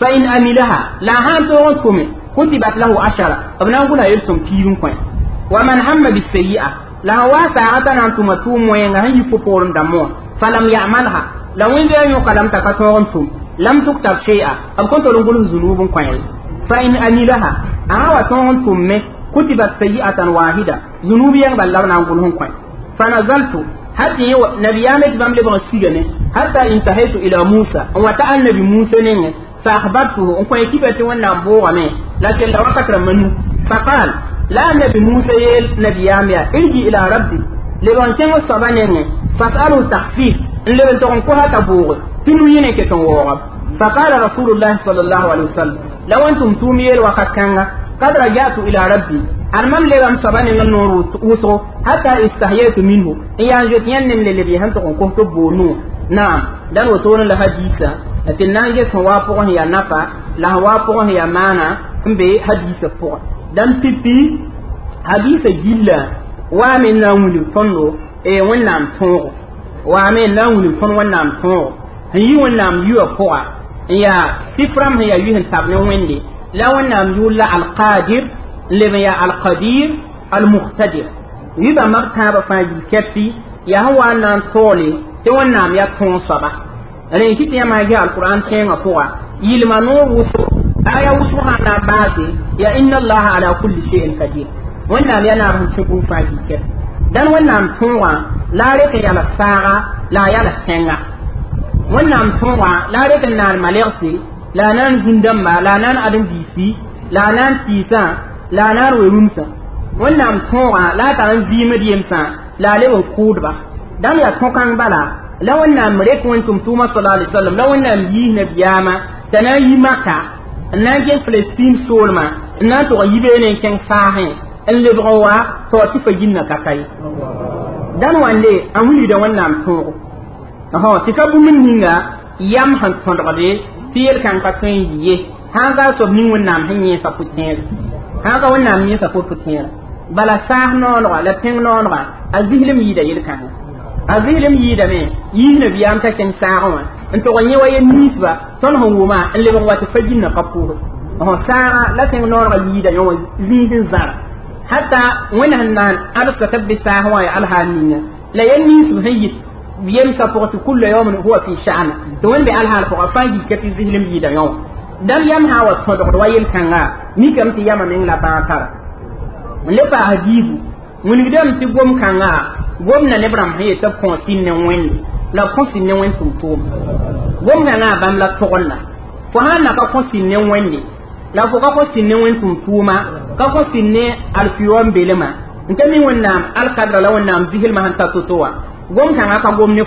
فإن أملها لا هاتون تومي كتبت له عشرة أبنا نقولها نعم يلسم كيرون قين ومن هم بالسيئة لا واسعة أن تمتوم وينهي يفقور دمون فلم يعملها لو إن يقلم تكتون توم لم تكتب شيئا أب كنت نقول ذنوب قين فإن أملها أنا وتون كتبت سيئة واحدة ذنوب ينبال نقولهم نعم قين فنزلت حتى يو نبيامك بام لبن سيغني حتى انتهيت الى موسى وتا نبي موسى نيني فاخبرته ان كان كيبت وانا بوغامي لكن لو تكر منه فقال لا نبي موسى يل نبيام يا ارجي الى ربي لبن سيغ صبانين فاسالوا التخفيف ان لبن تكون كوها تبوغ تنو ينك تنوغ فقال رسول الله صلى الله عليه وسلم لو انتم توميل وقد كان قد رجعت الى ربي an mam lebam sabani ngam noor wuso hatta istahiyatu minhu in yan jot yan nem le lebi han to ko ko bonu naam dan wo to la hadisa atin nan je son wa po ya nafa la wa po ya mana mbe hadisa po dan pipi hadisa gilla wa min na wuli fondo e wannan to wa min na wuli fon wannan to yi wannan yuwa po ya sifram ya yuhin tabne wende la wannan yulla alqadir leb n yaa alkadir almuqtadir wi bãmba b tãabã fãa yil kɛpsi yaa sẽn wa n na n toole tɩ wẽnnaam yaa tõog soaba rẽn kɩ tɩ yã maan gɩ alquran kẽengã pʋga yilma noor wʋsg a yaa wʋsg sã n na n baase yaa inna allaha ala kulli shay'in qadir wẽnnaam yaa naab sẽn tẽbg fãa yil kɛp dãn wẽnnaam tõogã la a rek n yala saaga la a yala sẽnga wẽnnaam tõogã la a rek n naan malgse la a naan zũndãmba la a naan adem-biisi la a naan tiisã la na n wa rũmsã wẽnnaam tõogã la a tag n vɩɩmd yemsã la a lebs kʋʋdba dãmb yaa tõ-kãng bala la wẽnnaam rek wẽn-tʋm tʋʋmã sala ali salam la wẽnnaam yiis nabiyaamã t'a na n yi maka n na n ges palestine soolmã n na n tʋg n yibeene n kẽng faasẽ n lebg wa tɩ wa tɩ fa yinna ka kae dãn wa n le n wilgda wẽnnaam tõogo tɩ ka bũmb ninga yam sẽn tõdgde tɩ yel-kãng ka tõe n yɩ ye sã n zaa sob ning wẽnnaam sẽn yẽesa pʋ-tẽege hãga wẽnnaam yĩnsa pʋt tẽera bala saas noonega la pẽng noonega a zislem yiida yel-kãngã a zislem yiidame yiis nabiyaam t'a kẽng saagẽ wã n tog yẽ wa ya niisba tõnd sẽn wʋma n lebg wa tɩ fa ginn ka pʋʋsd fõ saagã la pẽng noonega yiida yẽ wã zĩis n zãra hata wẽnd sẽn naan adsa tɩ b be saas wã ya alhaal ninga la ya niisb sẽn yit yemsa pʋg tɩ kulla yaomin huwa fi sha'ana tɩ wẽnd be alhaal pʋga fãa yika tɩ zislem yiida yẽ wã dam yam ha wa sõdgd wayin kanga kãngã kam ti yama meng la bakar tara n le paas diibu wilgdame tɩ gom kanga gom na ne rãmb sẽn yetɩ b kõ ne wen la ko tin ne wen tum tum gom na bam la na ko ha na ka ko tin ne ni la ko ka ko tin ne tum tum ma ka ko tin ne alfiom belemã n ta na al qadra la zihil ma han ta to-to wa gom kanga ka gom ne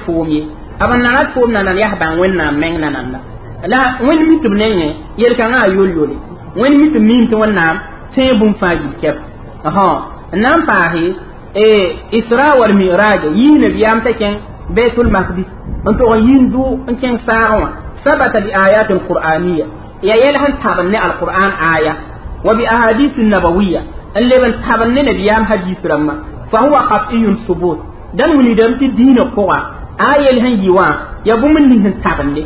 aban ye b n na na foom nanan yaa sẽn na na na na. la wẽnd mi tɩ b nengẽ yel-kãngã a yol-yole wẽnd mi tɩ miim tɩ wẽnnaam sẽn bũmb fãa gil kɛp n na n paasɩ isra wal miraja yiis nabiyaam t'a kẽng baitul makdis n tog n yiis dʋʋg n kẽng saagẽ wã sabata bi ayatin qur'aniya ya yɛl sẽn tabn ne alqur'an aya wa bi ahadis nabawiya n leb n tabn ne nabiyaam hadiis rãmbã fa huwa qat'iyun subut dãn wilgdame tɩ diinã pʋga a yel sẽn yi wã ya bũmb n ning sẽn tabende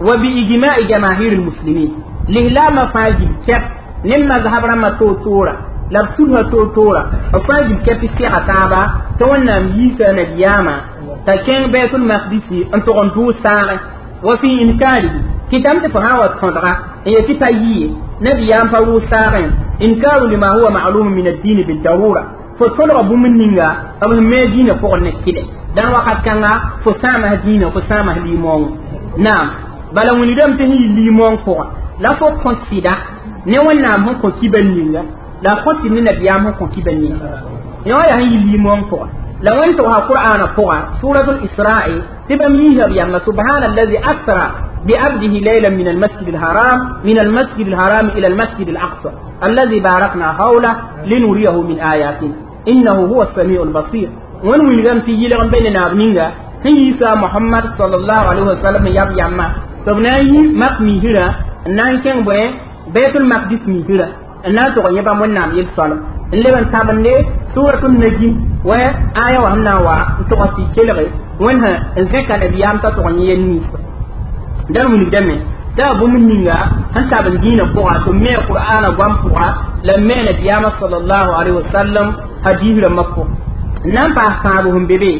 وبإجماع جماهير المسلمين لهلا مفاجب كيف نما ذهب رما توتورا لابسوها توتورا مفاجب كيف في تابا تونا ميسا نبياما تكين بيت المقدس انتو غنتو سارة وفي إنكاره كتام تفهاوة خندرة هي كتايي نبيام فهو سارة إنكار لما هو معلوم من الدين بالضرورة fo tolga bũmb ninga b sẽn me diinã pʋgẽ ne kɩdɛ dãn wakat kãnga fo sãama diinã bala wẽnnaam tɩ sẽn limon ko la fo konsida ne wẽnnaam sẽn kõ kiba ni la la kõ tɩ ne nabiyaam sẽn kõ kiba ni ne wa yan yi yɩ limon ko la wẽn tʋgsa qur'ana pʋga suratul isra'i tibam yi yiisb yamma subhana allazi asra bi abdihi laylan min min al al al al masjid masjid haram haram ila al masjid al aqsa من barakna hawla linuriyahu min ayatin innahu huwa حوله لنريه al basir إنه هو السميع البصير وين وين في يلغن بين ni isa muhammad sallallahu alaihi wasallam ya ياب يما tɩ b na n yi mak miisrã n na n kẽng bõe bɛɛtl makdis miisrã n na n tog yẽ bãmb wẽnnaam yel-soalem n leb n tabende sʋʋratɩ m nagin wa aya wa sẽn na n wa n togs tɩ kelge wẽnd n zẽka nabiyaam t'a tog yẽ yel ninsã dãn wilgdame daa bũmb ninga sẽn tab n dĩinã pʋga tɩ me qur'ana goam pʋga la me nabiyaamã salallahu alaihi wasallam hadiis rãmbã pʋga n na n paas kãabs n be be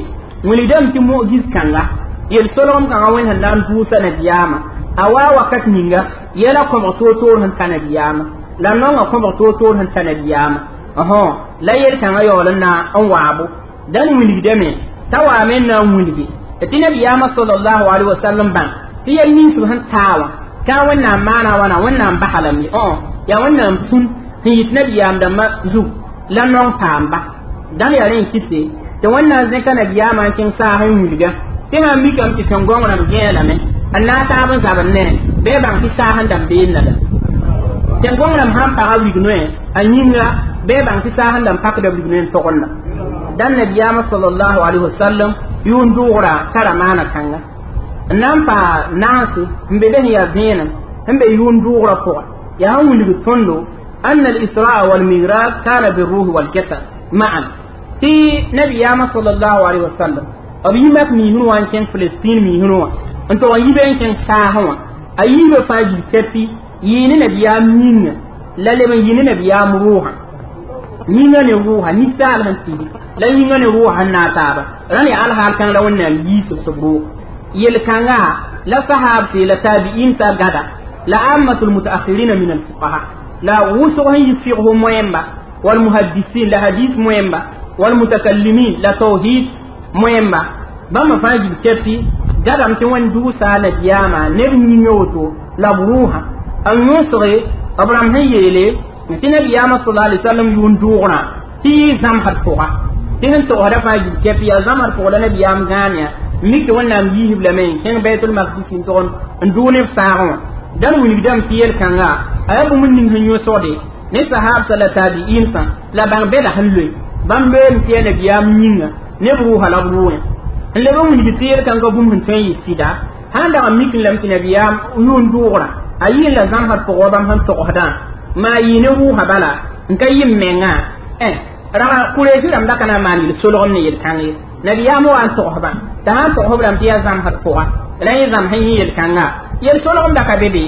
wilgdame tɩ mo'giz kãnga yel solom ka ga wen handan tu sanabiyama awa wakat ninga yela ko to to han sanabiyama la non ga ko to to han sanabiyama oho la yel ka ga yolan na an wabu dan wulgi deme tawa men na wulgi tinabiyama sallallahu alaihi wasallam ban ti yel ni subhan taala ka wannan mana wana wannan bahalam ni oh ya wannan sun hiyit nabiyam da mazu la non pamba dan yaren kite da wannan zai kana biyama kin sa han wulga mi tɩ sãn mikame na sẽn gõng me anna ta ban sa ban ne be ban ti sa han dam bin na da beennã la sẽn gõng rãmb sãn pagã wig noẽ a yĩnga bɩ bãng tɩ saa sẽn dãmb pakda wig noẽ n togenla dãn biya ma sallallahu alaihi wasallam yun dʋʋgrã tara maana kãnga n na n paa naase n be ni ya bin n be yʋʋn po ya hu ni wilg tõndo أن الإسراء والميراث كان بالروح والجسد معا في نبي صلى الله عليه وسلم أبي مات مينو وان كان فلسطين مينو أنت وان يبين كان ساهم أي مفاجي كفي ين نبيا مين لا لما ين نبيا مروها مين نروها نسال هنسي لا ين نروها ناتابا راني على حال كان لو نال يسوع سبرو يل كانغا لا صحاب في لا تابعين تابعدا لا عامة المتأخرين من الفقهاء لا وسوهم يسفيهم مهمة والمحدثين لا حديث مهمة والمتكلمين لا توحيد moyemba bãmba fãa gil kɛpsi gadam tɩ wẽn dugsa la diyaamã neb ni nyoto la buruha wũusã n abram b yele sẽn yeele tɩ nabiyaamã sala ali sallam yʋʋn dʋʋgrã tɩ yɩ zãmsd pʋga tɩ sẽn togsda fãa gil kɛp yaa zãmsd pʋg la nabiyaam gãane ya mik tɩ wẽnnaam yiisb lame kẽng bɛɛtl makdis n tog n dʋʋ neb saagẽ wã dãn wilgdame tɩ yel-kãngã a yaa bũmb ning sẽn yõsgde ne sahaabsa la taabi'insã la bãng bɛda sẽn loe bãmb loeem tɩ yaa nabiyaam yĩnga neb wusa la b rʋʋẽ n leb n wilg teer kãngã bũmb sẽn tõe n yɩ sɩda sãn dag n mik n lame tɩ nabiyaam yũun dʋʋgrã a yɩɩn la zãmsd pʋgẽ bãmb sẽn togsdã maa yɩɩ ne wʋʋsa bala n ka yɩm mengã raga kureesi rãmb da ka na n maan yel solgem ne yel-kãng ye nabiyaam wa n togsba t'a sãn togsb rãmb tɩ yaa zãmsd pʋga ra yẽ zãms sẽn yẽ yel-kãngã yel-solgem da ka be be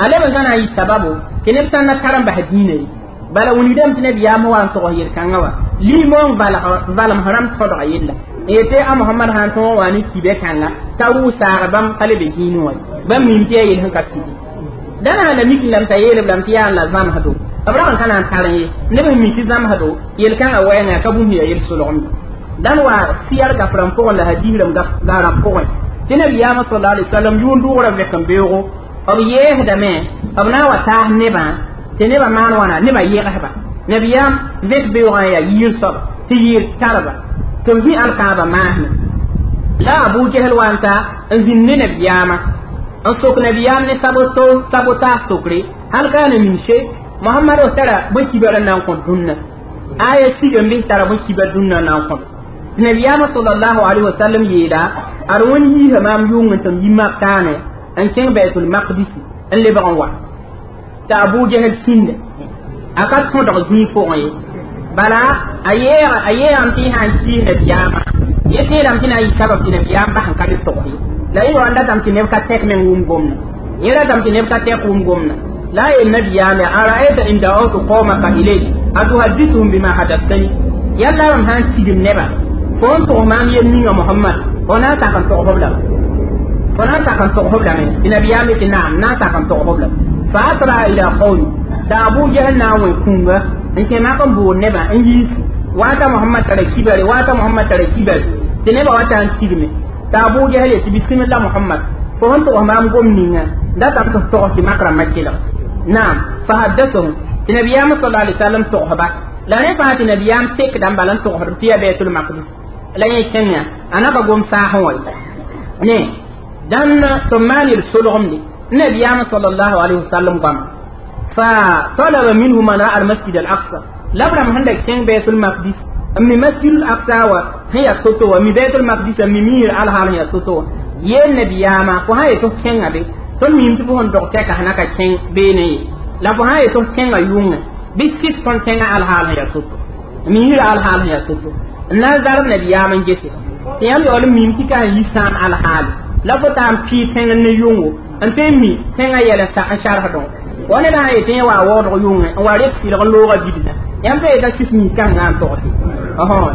a leb n gã na n yɩ sababu tɩ neb sãn na tar n bas dĩinã ye بلا ولدم تنبيا مو ان تو هير كانوا لي مون بلا ظلم حرام تو غيلا ايتي ام محمد هان تو واني كيبي كانا تاو ساربم قلبي هينو بام مين تي يين هكاسي دانا انا ميكي لام تاي يلم لام تي ان لازم هادو ابراهيم كان ان كاري نبي مين تي زام هادو يل كان وينا كابو هي يل سولون دان وا سيار كافرام فو ولا هاديم لام دارام فو تنبيا ما صلى الله عليه وسلم يوندو ورا بكم بيو او يهدمه ابنا وتاه نبا tɩ nebã maan wãna nebã yɛgsba nabiyaam vet beoogã yaa yɩɩr soaba tɩ yɩɩr tarba tɩ b vɩ alkãabã maasme la abu jahal wa n ta n zĩnd ne nabiyaamã n sok nabiyaam ne saboto sabotaas sokre hal kaana ninse mohamad f tara bõe kiba rã na n kõ dũnna aya sig n bɩ tara bõe kiba dũnna na n kõ tɩ nabiyaamã salallahu alaihi wasallam yeela ad wẽnd yiisa maam yʋʋng n tɩ m yi mab taane n kẽng baitul maqdisi n lebg n wa t'a abu jahal sĩnde a ka tõdg zĩig pʋgẽ ye bala a yeega a yeegame tɩ sãn sɩɩs nabiyaamã yẽ teelame tɩ na n yɩ sabab tɩ nabiyaam basẽn ka le tʋgs ye la yẽ yaoon datame tɩ neb ka tɛk meng wum gomna yẽ ratame tɩ neb ka tɛk wum gomna la a yel nabiyaame araayta e in daawtu qaomaka ilayk a tuhadisuhum bima hadastani yalla rãmb sãn sigim neba fo n tʋgs maam yel ninga mohamad fo na n sak n tʋgs b lame fo na n sak n tʋgs b lame tɩ nabiyaam tɩ naam na n sak n tʋgs b fa asra ila qawmi da abu jahal na wai kunga in ke na kan bu ne ba in yi wata muhammad tare kibare wata muhammad tare kibare te ne ba wata han tigme da abu jahal ya bismillah muhammad fo hon to ma am gomni nga da ta ko to ki makra makila na'am fa haddathu nabiyam sallallahu alaihi wasallam to haba la ne fa ti nabiyam tek dan balan to hor tiya baitul maqdis la ne kenya ana ba gom sa hon ne dan to manir sulhum ni نبي صلى الله عليه وسلم قام فطلب منه مناء المسجد الأقصى لابد من هندك كان بيت المقدس أم مسجد الأقصى هي سطوة أم بيت المقدس أم مير على حال هي سطوة يا نبي يا ما فهاي تو كان أبي تون ميم تبو هن دوكتا كهناك كان بيني لا فهاي تو كان يوم بيسكيس كون كان على حال هي سطوة مير على حال هي سطوة نازل نبي يا من جسر يعني أول ميم تكا يسان على حاله La potan pi ten ene yongo, ente mi ten a yele sa a chara ton. Wane dan ete wawodro yongen, warek sil renlouwe vilne. Enpe ete chismin kan anporte.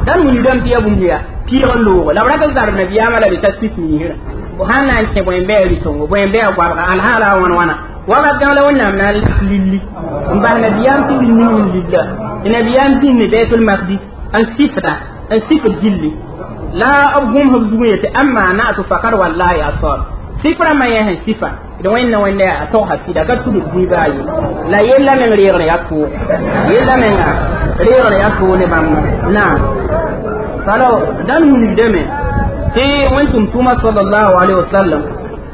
Dan mouni dwen pye pou mwen, pi renlouwe. La vrate zarne, enpe amalade chismin. Wane nan chen pwenbe elitongo, pwenbe apwabra, anhala wanwana. Wane apgan la wane amalade chismin li. Enpe anpe vilne vilne vilne. Enpe anpe vilne bete ou lmakdi. En sifra, en sifri jil li. لا أبهم هم زوية أما نعت فقر والله يصار سفر ما يهن سفر إذا وين وين لا أتوها سيدا قد تدو بيباي لا يلا من ريغن يكو يلا من ريغن يكو نبام نا نعم. فلو دان من الدمي تي وانتم توما صلى الله عليه وسلم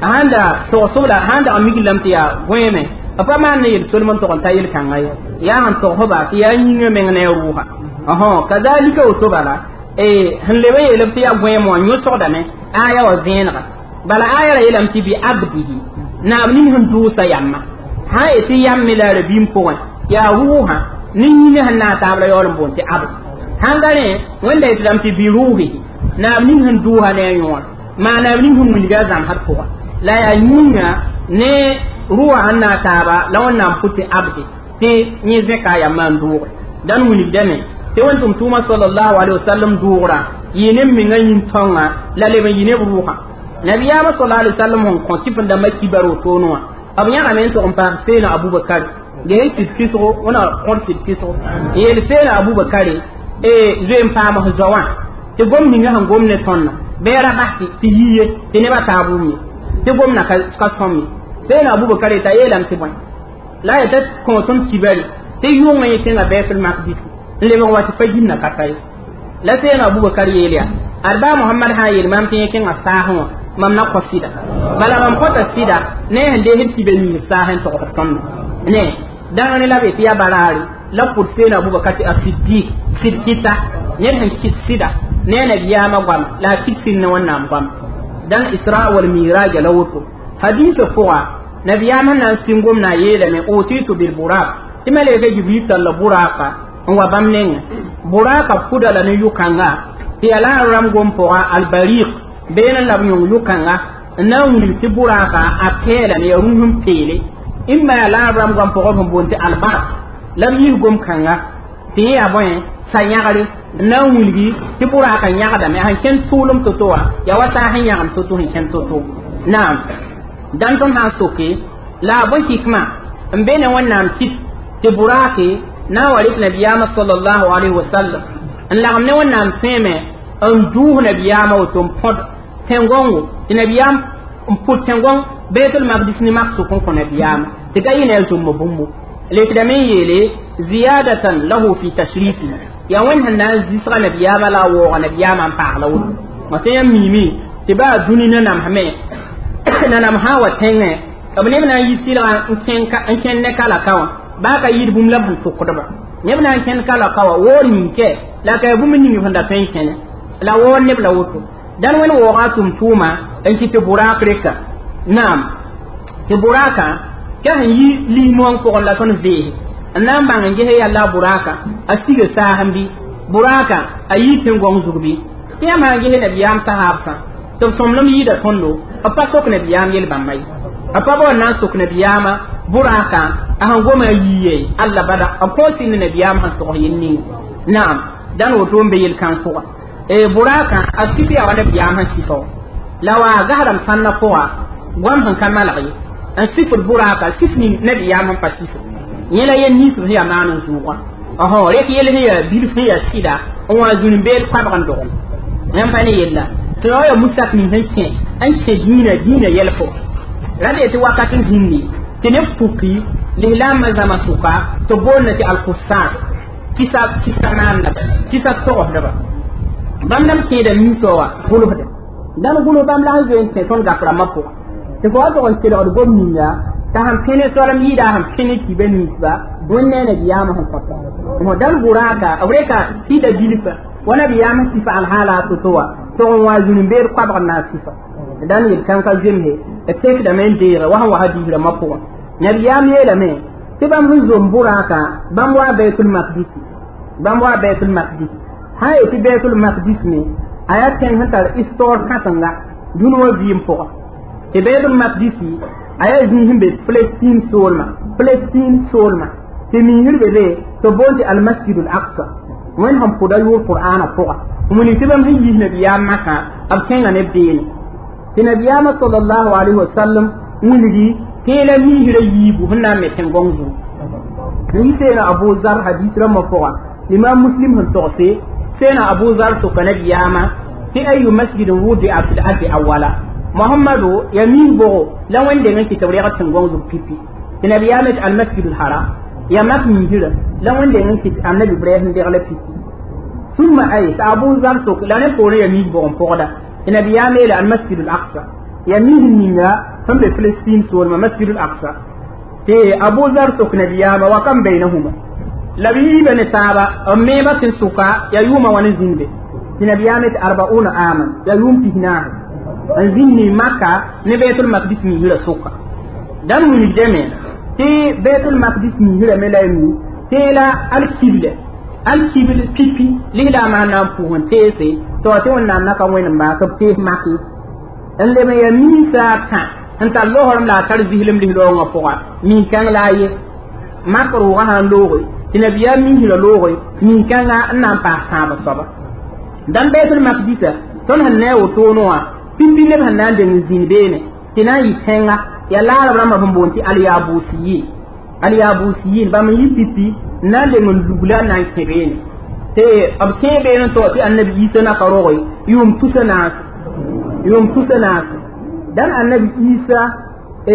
هاندا توصولا هاندا أميك لمتيا ويمي أفما نيل سلمان تقن تايل كان غير يا أن توحبا تيا ينمي من نيروها أهو كذلك وتبالا sẽn eh, leb n yeelb tɩ yaa gõem wã yõsgdame aya wã zẽenega bala aya ra yeelame tɩ bɩ abdihi naam ning sẽn dʋʋsa yamma ha n e yamme yam me la rabim pʋgẽ yaa rʋʋsã ne yĩne sẽn na n taab la yaool n boond tɩ abd sãn da rẽ wẽnda yetɩ dame tɩ bɩ rʋʋsihi naam ning sẽn dʋʋsa ne a yõor maa naam ning sẽn wilga a zãmsd pʋga la yaa yĩnga ne rʋʋa na taaba la wẽnnaam pʋ tɩ abde tɩ yẽ ka a yamma n dʋʋge dãn wilgdame tewen tum tuma sallallahu alaihi wasallam duura yine minga yin tonga lale ben yinin buruha nabi ya sallallahu alaihi wasallam hon ko tifin da makki baro tonuwa abu ya amen to pa sayna abubakar ga yin tiskiso ona kon tiskiso yel sayna abubakar e zem pa ma zawan te gom minga han gomne tonna bera bahti ti yiye te ne ba tabumi te gomna ka ka sommi sayna abubakar ta yelam ti bon la ya ta kon som kibari te yunga yitenga baitul maqdis lebg wa tɩ pa gĩnna kata ye la seena abubakar yeel yaa ad baa mohamad sã n yeel mam tɩ yẽ kẽngã saasẽ wã mam na kõ sɩda bala mam kõta sɩda ne sẽn deesd tɩ be ning saas n togsd tõmda ne dãngre la be tɩ yaa baraare la pʋd seena abubakar tɩ a siddiik sɩd kɩta ned sẽn kɩt sɩda ne a nabiyaamã goama la a kɩt sɩn ne wẽnnaam goama dãng isra wal miraja la woto hadiisã pʋga nabiyaam sẽn na n sɩngom na a yeelame utitu bilburak tɩ malɛka jibril tall buraaka n wa bãmb nenga buraka fuda la ne yʋkãnga tɩ yaa la n rãm gom pʋga albariik bee ne lab yõng yʋkãnga n na n wil tɩ buraka a pɛɛla ne yaa rũ sẽn peele ĩmba yaa la n rãm gom pʋga fẽn boon tɩ albark la m yis gom kãnga tɩ yẽ yaa bõe sa-yãgre n na n wilgi tɩ buraka yãgdame sẽn kẽnd tʋʋlem to-to wã yaa wa saa sẽn yãgem to-to sẽn kẽnd to-to naam dãn tõnd sã n soke la a bõe hikmã n be ne wẽnnaam tɩ tɩ buraake na wa rɩk nabiyaamã sallallahu alaihi wasallam n lagem ne wẽnnaam sẽeme n duus nabiyaamã woto n põd tẽngongo tɩ nabiyaam n pʋd tẽngong beetl magdis ne mak sʋk n kõ nabiyaamã tɩ ka yɩ ne a zũmb bũmbu lekdame n yeele ziyadatan lahu fi tashrifi ya wẽnd sẽn na n zɩsga nabiyaamã la a waooga nabiyaamã n paagla woto wã tɩ yãmb miime tɩ baa dũni nanamsme nanam sã n wa tẽngẽ b neb na n yɩ sɩlga n kẽn ne kala ka wã ba ka yid bum la bum sukkuda ba neb na n kẽnd kala kawa woni ke la ka bu bũmb ning fanda fen ken la won ne bla woto dan wani wo ga tum tuma en tɩ bʋraak reka nam tɩ bʋraakã kɛ sẽn yi liis-moã n la tõnd veese n na ngi he ya la buraka a bʋraaka a siga saasẽ bɩ bʋraaka a yɩɩ tẽn-gɔng zug bɩ tɩ yãmb sãn ges nabiyaam sahaabsã tɩ b sõmlem yɩɩda tõndo b pa sok am yel bamai apa bo pa baood na n sok nabiyaamã buraka ahan goma yiye alla bada a kosi ne ne biya ma to yin ni na'am dan o to mbe yel kan suwa e buraka a sipi a wala biya ma ci to lawa gharam sanna kwa gwan ban kan malaki an sipur buraka sipni ne biya ma fa sipu yela yen ni su ya ma nan suwa aho re ki yele ya bil fi ya sida on wa zun be ta ban do on nan fa ne yella to yo musa min hen ce an ce dina dina yelfo rade ti wakatin hinni tɩ ne puki lislaamã zãma sʋka tɩ boonna tɩ alkʋrsãn kisa kisa maandaba kisa togsdba bãmb dãmb kẽeda miisã wã gʋlfda dãmb gʋls bãmb la sẽn zoe n tẽ tõnd gaf rãmbã pʋga tɩ fo wa tog n kelgd bom ninga t'a sẽn pẽne soalem yɩɩda sẽn pẽne kiba ninsba bõe nɛɛna biyaamã sẽn kõta fo dãmb gʋraaka b reka sɩda bilfa wa nabiyaamã sifa alhaala a to-to wa tog n wa zũni beed koabg n na n sifa dan yel kan ka zimne e tek da men deera wa wa hadi da mapo nabi ya me la me ti bam hun zo mbura ka bam wa baitul maqdis bam wa baitul maqdis ha e ti baitul maqdis ne ayat kan han tar istor ka tanga dun wa zim po ti baitul maqdis ayat ni himbe palestine solma palestine solma ti min hirbe de to bonti al masjidul aqsa wen ham poda yo qur'ana po mun ti bam hin yi nabi ya maka ab kenga ne deeni sinabiyama sallallahu alaihi wa sallam wuligi tela mi hira yibu hunna me tengongzu ni tena abu zar hadith ramma fowa imam muslim hun tose na abu zar so kana biyama ti ayu masjidin wudi afil hadi awala muhammadu yamin bo la wanda ngaki tawriya tengongzu pipi sinabiyama al masjid al haram ya mak mi hira la wanda ngaki annabi ibrahim de ala pipi summa ay ta abu zar so la ne pore yamin bo on poda ina biyame la al masjid al aqsa ya min ninga fambe palestine to ma masjid al aqsa te abu zar to kuna biyama wa kam bainahuma labi bane taba amme ba tin suka ya yuma wani zinde ina biyame 40 aman ya yum pihna an zinni makka ne baitul maqdis mi hira suka dan mun jeme te baitul maqdis mi hira melayu te la al qibla an sibil pipi lila ma na puhun tese to ti won na naka wen ba ka te maki an le me mi sa ta an ta lo horam la tar zihlim li lo nga poa mi kan la ye makru wa han lo go ti na biya mi hi lo go mi kan la an na pa sa ba so ba dan be tul makdita ton han ne wo to no wa pipi ne han na de ni zin be ne ti na yi tenga ya la ra ma bon bon ti aliya busi aliya busi ba mi pipi nande mun lugla nan kebeni te ab kebeni to ti annabi isa na karo yi yum tusana yum tusana dan annabi isa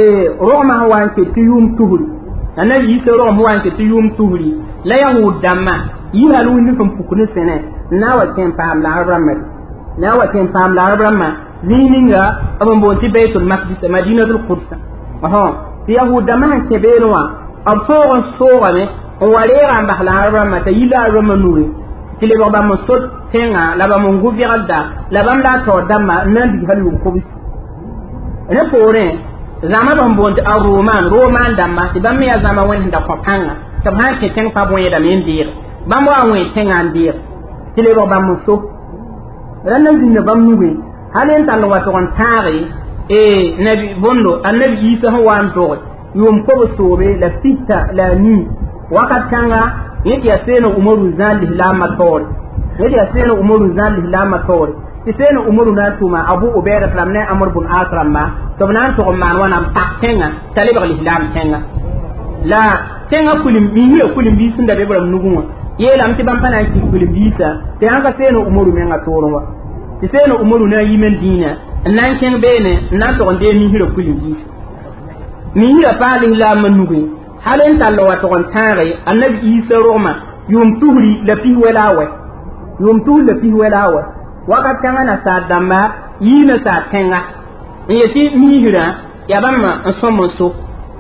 e roma wan ke ti yum tuhuri annabi isa roma wan ke ti yum tuhuri la yahu damma yi halu ni fam pukune sene na wa ken pam la rama na wa ken pam la rama ni ramma zininga abon ti baytul maqdis madinatul qudsa aha ti yahu damma kebeni wa ab so on so me Ou wale ram bak la a ramate, yila a ram nouwe. Kile bwa mwen sot, tengan, la bwa mwen gouvirat da, la bwa mwen dator damman, nan dik hali woun koubis. E nan pou ren, zanman tan bon di a roman, roman damman, se bwa mwen ya zanman wen hinda konpanga. Kab hansi tenk pa mwen yedan men dir. Bwa mwen tengan dir. Kile bwa mwen sot. E nan nan jine bwa mwen nouwe. Hale entan lwa ton tari, e nebi bon nou, an nebi yise houn wan jor. Yon koubis toube, la fita, la ni. wakat kãnga yẽ tɩ yaa seena umaru zãn lislaamã toore yẽ tɩ yaa seena lislaamã toore tɩ seena umaru na n tʋma abu obɛɛda tɩ la m ne amr bun as rãmba tɩ b na n tʋg n maan wãna pak tẽngã t'a lebg lislaam tẽngã la tẽngã kulim miisã kulim-biis sẽn da be b rãmb nugẽ wã yeelame tɩ bãmb pa na n kɩs kulim-biisã tɩ sãn ka seena umaru mengã toorẽ wa tɩ seena umaru na n yim n dĩinã n na n kẽng beene n na n tʋg n dee miisrã kulim-biisã miisrã paa lislaamã nugẽ alen talla wa togon tãaga ye annabi isa rogma yʋʋm tuhri la pis e wela wɛ yʋʋm tuhri la pis e wela wɛ wakat kaŋa na saa dãmba yii na saa tẽŋa n yet miisrã ya bãmb n sõm n so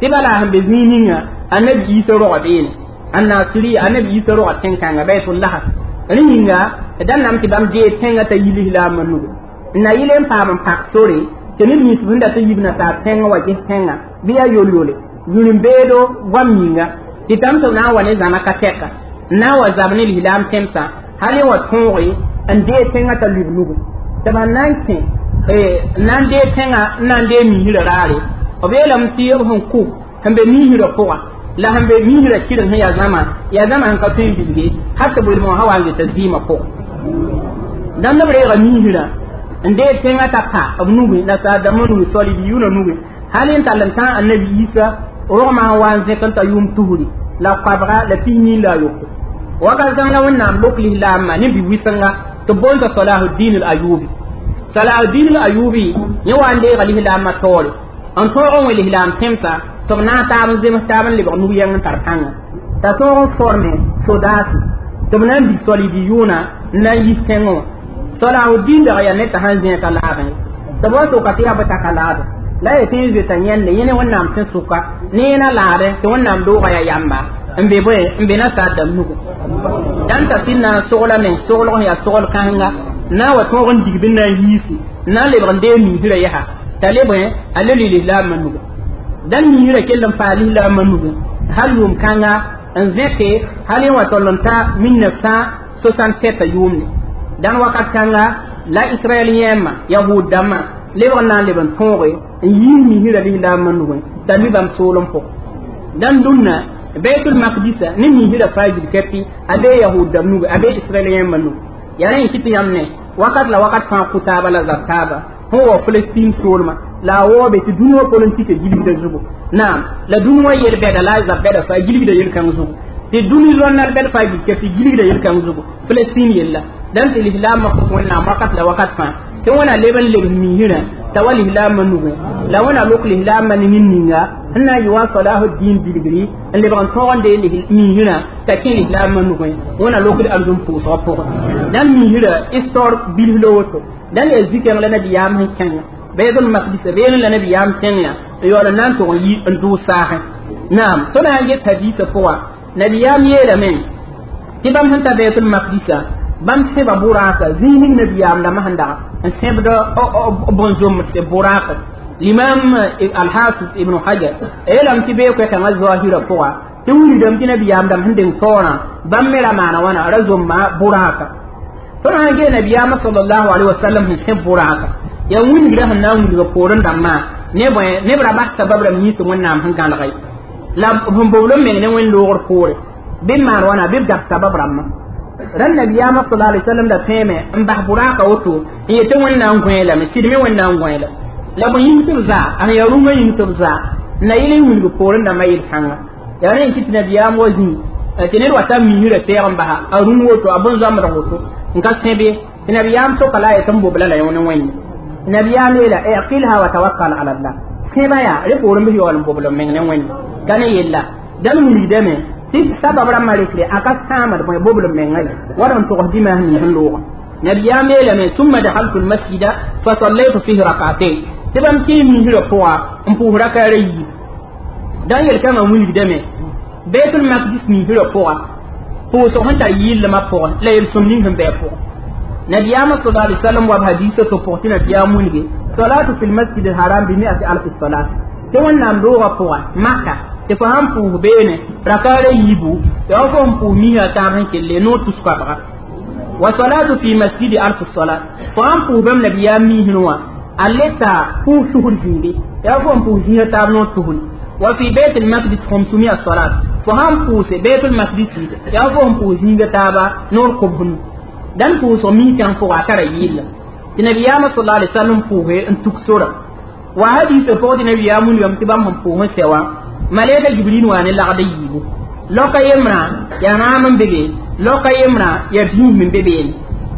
tɩ bala sẽn be zĩig ninga annabi isa rog beene n na n sɩry annabi isa rog tẽn-kãnga baytullaha rẽ yĩnga da nam tɩ bãmb deeg tẽŋa t'a yilis la a manuga n na yɩl n paam n pak tore tɩ ned yĩ tɩ fẽn datã yib na saa tẽŋa wa ges tẽŋa bɩ yaa yol-yole yũlum-beedo goam yĩnga tɩ tãmb sẽn na n wa ne zãna ka kɛka n na n wa zab eh, ne lislaam tẽmsã hal yẽ wa tõoge n deeg tẽngã t'a lib nugu tɩ ba na n kẽ n na n deeg tẽngã n na n deeg miisrã raare b yeelame tɩ yeb sẽn ku sẽn be miisrã pʋga la sẽn be miisrã kirem sẽn yaa zãma yaa zãma sẽn ka tõe n binge hal tɩ b wilmã sã waan zeta zɩɩmã pʋga dãm neb reega miisrã n deeg tẽngã t'a pa b nuge nasa dãmã nuge sɔlid yʋna nuge hal yẽ tall n tã annabi isa roma wan zekan ta yum tuhuri la qabra la pinni la yoko wa ga zanga wannan lokli la ma ni bi wisanga to bonta salahuddin al ayubi salahuddin al ayubi yawan de gali la ma tole an to on wali la temsa to na ta mun zema ta mun liba nu yang tarkanga ta to on forme so dasi to nan bi solidiyuna na yistengo salahuddin da ya ne ta hanzin kala ta ba to ka tiya ba ta kala la ya tin ju tan yande yene wannan tin suka ne na lare to wannan do ya yamba be boye mbe na sa dam nugo dan ta tin na sola men sola ya sola kanga na wa to gon digbin na yisi na le ban de mi hira ya ta le boye alili lillah manugo dan mi hira kellan fa lillah manugo halum kanga an zeke halin wa tolonta 1967 yumni dan wakat kanga la israeliyema yahudama lebg n na n leb n tõoge n yiis miisrã liisda n manuge t'a mi bãmb sool n pʋg dãmb dũnnã baitul makdisa ne miisrã faa yil kɛpɩ a bee yahud dãmb nuge a bee israɛl yãmb manuge yaa rẽ n kɩt yãmb ne wakat la wakat fãa kʋ taaba la zab taaba fõ wa palestine soolmã la a wao be tɩ dũni wã pʋl n tɩ t'a yilgda zugu naam la dũni wã yel bɛda la a zab bɛda faa yilgda yel-kãng zugu tɩ dũni zɔnnar bɛd faa yil kɛpɩ yilgda yel-kãng zugu palestine yella dãmb tɩ lislaamã kʋ wẽnnaam wakat la wakat fãa tɩ wẽna leb n lebs miisrã t'a wa lislaamã nugẽ la wẽna lʋk lislaamã ne nin ninga n na n yɩ wa salahuddin bilgri n lebg n tõogende miisrã t'a kẽ lislaamã nugẽ wẽna lʋkd arzum pʋʋsgã pʋgẽ dãn miisrã histoor bilsd woto dãn yaa zikẽng la nabi yam kẽngã beedr makdisa beene la nabiyaam kẽngã n yaool n na n tog n yɩ n dʋʋs saagẽ naam tõnd na n get hadiisã pʋgã nabiyaam yeelame tɩ bãmb sẽn ta beetr makdisa bãmb sẽba buraaka zĩig ning nabiyaam la masendaga o o bõn zomd buraka imam al hasib ibn hajar yeelame tɩ bee koɛkãngã zoahirã pʋga tɩ wilgdame tɩ nabiyaam dame sẽn deng toorã bãmb me ra maana wãna ra zomma buraaka tõnd sã n gee nabiyaamã sallallahu alaihi wasallam ni se buraka ya wun gida sẽn na ga koran dam ma ne bõe neb ra bas sabab mi to wonna am hanga ye la sẽn bobl n meng ne wẽn-loogr poore bɩ maan wãna bɩ b gab sabab rãmbã ran nabiyama sallallahu alaihi wasallam da feme in ba ka wato iya tun wannan gwela mi sidmi wannan gwela la yi yin turza an ya yi yin turza na yi mun go porin da mai hanga ya ne ya mozi a tinir wata mi yura sai an ba a run wato abun mu da wato in ka nabi ya to kala ya tambo bala ya wani wani nabiyam ila eh, ya aqilha wa tawakkal ala allah sai baya re porin bi yo wal problem men ne wani kana yella dan da dame tɩ sabab rãmbã rekre a ka sãamd bõe bobl menga ye wad n togs dĩma sẽn yẽs n loogã nabiyaam yeelame summa dahaltu lmasjida fa sallaytu fihi rakatain tɩ bãmb kẽe miisrã pʋga n pʋʋs rakaara yiib dãn yel-kãngã wilgdame beetul makdis miisrã pʋga pʋʋsg sẽn tar yɩɩllmã pʋgẽ la yel-sõm ning sẽn bɩa pʋgẽ nabiyaamã sala ali salam wab hadiisa tɩ pʋg tɩ nabiyaam wilge salatu fi lmasjid lharam bi miati alfi salat tɩ wẽnnaam loogã pʋga maka tɩ fo sãn pʋʋs beene rakaara yibu tɩ a fo n pʋʋs miisã tãab sẽn kelle noog tus koabga wa salatu fi masjidi alf sola fo sãn pʋʋs bãmb nabiyaa miisẽ wã a le taa pʋʋs tusn dĩibe tɩ a fo n pʋʋs miisã taab noog tusn wa fi beit almakdis xomsumia solat fo sãn pʋʋse beit almakdisi tɩ a fo n pʋʋs zĩiga taaba noog kobsnu dãn pʋʋs fo miis kãng pʋga a tara yɩɩlla tɩ nabiyaamã sala alai salm pʋʋse n tuk sora wa hadiisã pʋgẽ tɩ nabiyaa mun yam tɩ bãmb sẽn pʋʋs n sɛ wã malaika jibril wani lagda yibu loka yemra ya namun bege loka yemra ya biyu min bebe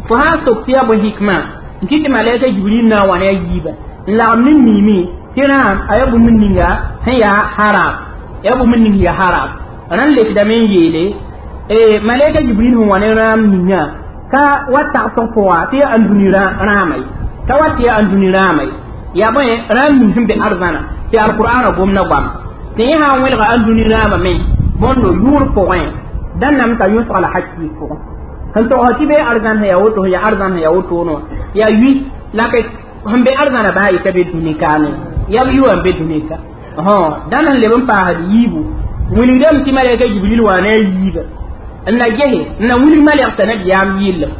fo ha soktiya bo hikma nti malaika jibril na wa ya yiba la min mimi tira ayabu min ninga ya harab ayabu min ninga ya harab anan lekda men yele e malaika jibril wani ram ninga ka wata son kowa ti an dunira ramai ka wata ya an dunira ramai ya bai ram min himbe arzana ti alqur'ana gomna gwam tɩ yẽ sãn welga a dũni rãama me bõnd yuur pʋgẽ dãnnam t'a yõsga la hakɩɩg pʋgẽ sẽn togsã tɩ bee arzãnsã yaa woto yaa arzãnsã yaa wotone wã yaa yui la be sẽn be arzãna baa yɩka be dũni kaane yaa b yuã n be dũni ka dãn sẽn leb n paasd yiibu wilgdame tɩ malɛka jibril wã na a yiiba n na gese n na wilg malɛg t'a nabiyaam yɩllem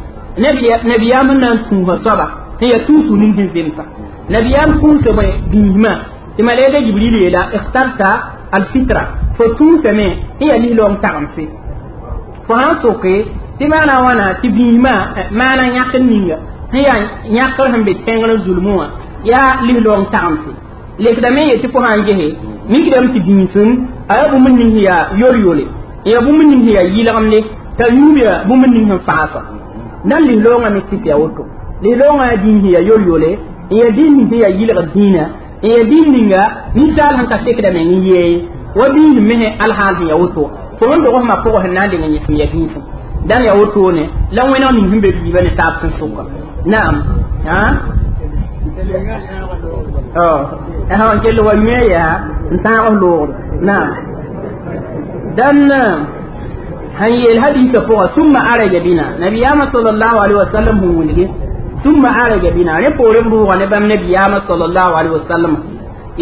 nabiyaam n na n tũusã soaba sẽn yaa tũusu ning sẽn zemsa nabiyaam tũusame dĩismã إما لدى جبريل إلى اخترت الفطرة فتون فمي هي إيه اللي لهم تعمسي فهان سوكي تما نوانا تبني ما ما أنا يأكل نيا هي يأكل هم بتشانغل الظلموا يا اللي لهم تعمسي لكن دمي يتفوها عنجه ميكدام تبني سن أبو من هي يول يولي يا بو من هي يلام لك تيوم يا بو من هي فاسا نال لهم أمي تبيا وتو لهم أدين هي يول يولي يا دين هي يلغ دينه ya dindinga ni sal han ka sekda men ye wa dindi mehe alhaal ya woto fo wonde ko ma pogo hen nande ngi ya dindi dan ya woto ne lan wena ni himbe bi bane tab sun suka na'am ha oh eh on kello wa me ya nta on do na'am dan han yel hadisa pogo summa araja bina nabiyama sallallahu alaihi wasallam hu wonde ثم عرج بنا نبورن بوغا نبام نبيام صلى الله عليه وسلم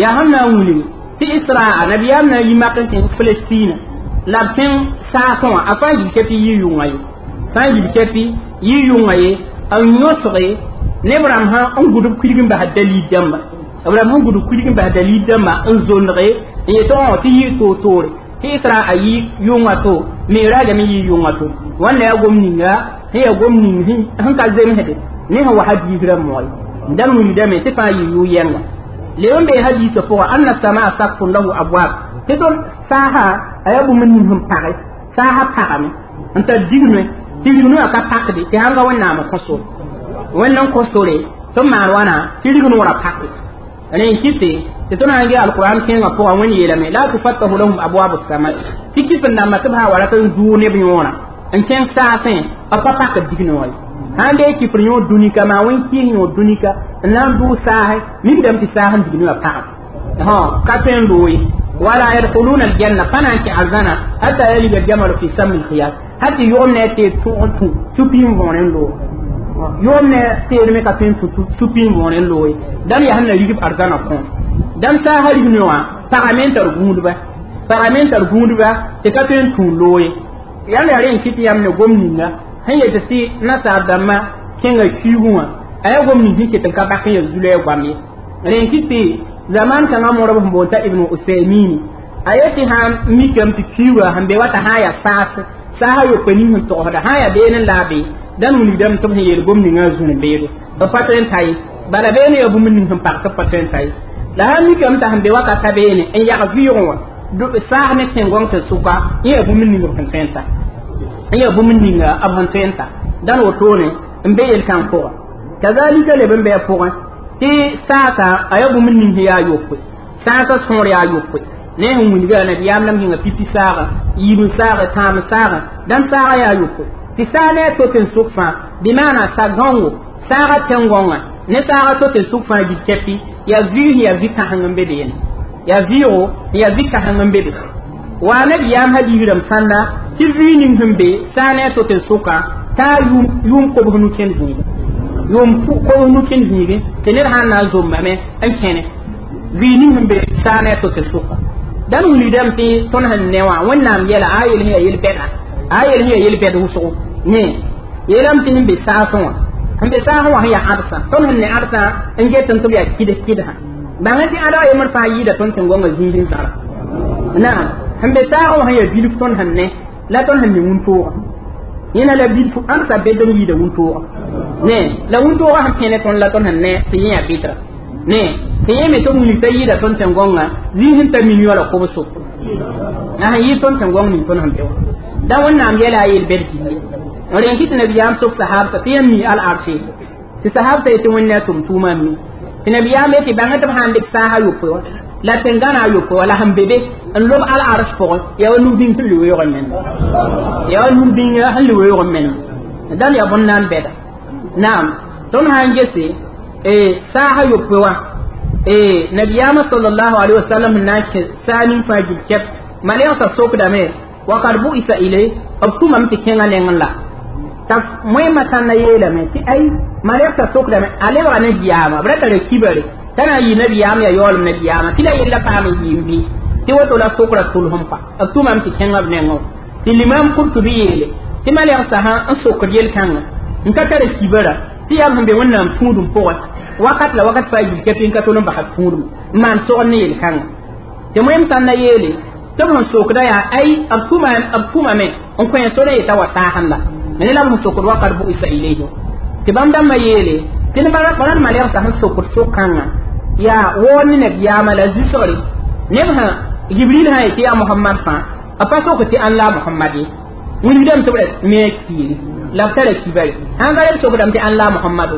يا هم ولي في إسراء نبي آمنا يماكن في فلسطين لابتن ساكن أفان جيب كفي ييونغي فان جيب كفي ييونغي أو نصغي نبرام ها أنقدب كيرين بها دليل جمع أبرام ها أنقدب كيرين بها دليل جمع أنزونغي يتوان تيي توتوري tɩ sra a yɩ yʋngã to meeragame yɩ yʋngã to wãn la yaa gom ninga sẽn yaa gom ning sẽn ka zemsde ne ha sẽn wa hadiisrã moogẽ dãmb wilgdame tɩ fãa yɩ le yɛnga be bee hadiisã fo anna samaa sakfun lahu abwaab tɩ tõnd saasa a yaa bũmb nin sẽn pagẽ pare pagame n tar digne tɩ rignu wã ka pakde tɩ sãn wonna wẽnnaam kõ sore wẽnnan kõ sore tɩ maan wãna digne wona wã ane kiti te to na tõnd alquran ke alquran fo pʋgã yela me la tufatahu lahum abwaabu sama tɩ kɩt n dãmba tɩ b sã wa ra bi wona dũur ken yõorã sen kẽng saasẽ a pa pakd dignu wã hande ki prinyo dunika ma wen ki hinyo dunika nan du sahe mi dam ti sahe digni la pa ha ka pen doyi wala yadkhuluna aljanna kana ki azana hatta yali jamal fi sam alkhiyat hatta yomne te tu tu tu pin wonen do yomne te me ka pen tu tu pin wonen do dan ya hanna yigib arzana ko dam sahe ni wa paramentar gundba paramentar ba te ka pen tu loye yalla yaren kiti yamne gomninga han ta si nasaar dãmbã kẽngã kiugẽ wã a yaa gom ning sẽn ket ka bak n yaa zulã ya goam ye rẽn kɩ tɩ zamaan kãngã morb sẽn t'a ibn usaimini a ye tɩ sãn mikame tɩ kiuga sẽn be wa t'a sã n yaa saas saasã yopa ning sẽn togsda sã yaa been n laabe dãn wilgdame tɩ b sẽn yeel gom ningã zũn beedo b pa tõe n ta ye bala beene yaa bũmb ning sẽn pag tɩ b ta la sãn t'a sẽn be wakata beene n yag vɩɩgẽ wã saas ne tẽngõng tɩ sʋka yẽ yaa bũmb ning sẽn ya bum ninga abhan tenta dan wotone mbe yel kan ko kazalika le bembe ko ti saka aya min ninga ya yokko saka son ya ko ne hun ga na biyam nam hinga pipi sara yiru sara tam sara dan sara ya ko ti sane to tin sukfa bi mana sagongo sara tengonga ne sara to tin sukfa gi kepi ya vi ya vi ka hanga mbede yen ya vi o ya vi hanga mbede wa na biya hadi hiram sanna tivinin humbe sane to te suka ta yum yum ko bunu ken bu yum ko bunu ken ni te ne hanna zo me an kene vinin humbe sane to te suka dan wuli dam ti ton han newa wannan yela ayel he yel beda ayel he yel beda usu ne yelam tin be sason an be sason wa ya arsa ton han ne arsa an ge tan to ya kida kida ba ngati ada e fa yi da ton tin gonga zindin sara na'am sẽn be taagã sẽn yaa bilf tõnd sẽn ne la tõnd sẽn ne wũntooga yẽna la bilf ãmsa bed n yiida wũntooga ne la wũntooga sẽn pẽne tõnd la tõnd sẽn ne tɩ yẽ yaa bɩdra ne tɩ yẽ me tɩ wilg t'a yiida tõnd sẽn gõnga zĩig sẽn t'a min yaola kobs soko a sẽn yɩɩ tõnd sẽn gõng nin tõnd sẽn be wa da wẽnnaam yɛla a yel bɛd gilli n rẽn kɩ tɩ nabiyaam sok sahabsa tɩ yãmb mi al-arshe tɩ sahabsa ye tɩ wẽnna a tʋm tuumã mi tɩ nabiyaam ye tɩ bãngã tɩ b sã n dɩk saasa yopoe wa la tẽn gãna a yoko la sẽn be be n lob al arsɩ pʋgẽ yaa wa nug-bĩng sẽn liwe yoog n menema yaa wa nug-bĩnga sẽn liwe yoog n menema dãmb yaa bõn na n bɛda naam tõnd sã n gese saasa yopoe wã nabiyaamã sallallahu alaihi wasallam sẽn na n kẽ saa ning fãa gil kɛp malɛgsã sokdame wakad bu'isa ile b tʋmame tɩ kẽngã neng n la t'a moẽmã tãnda yeelame tɩ ay malɛgsã sokdame a lebga ne giyaama b rata ra kibare tana yi nabiyam ya yol nabiyam tila yilla pam yimbi ti woto la sokra tulhum pa atumam ti kengab nengo ti limam kurtubi yele ti mali saha an sokra yel kanga nka tare kibara ti yam hambe wannan tudum powa wakat la wakat fa yil kepin ka tulum bakat tudum man so ne yel kanga ti moyam tan na yele to mun sokra ya ai atumam atuma me on ko en sore ta wata handa ne la mun sokra wakat bu isa ilayhi ti bam dam ma yele tɩ ba ra malɛg sã sẽn sokd sʋk-kãngã yaa waoor ne nabiyaamã la zu-segre neb sã jibril sã yetɩ yaa mohamad fãa a pa sok tɩ ãn la a mohamad ye wilgdame tɩ b ra me a kiiri la b tara kibare sãn ka reb sokdame tɩ ãn la a mohamado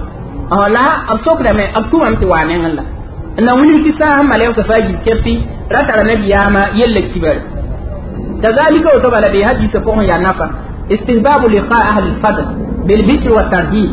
la b sokdame b tʋmame tɩ waa neng la n na wilg tɩ sã sẽn malɛg sã faa gil kɛpɩ ra tara nabiyaamã yella kibare kazalika woto bala bee hadiisa pʋgẽ yaa nafa istihbabu liqa ahli lfadl bilbikr wa tardib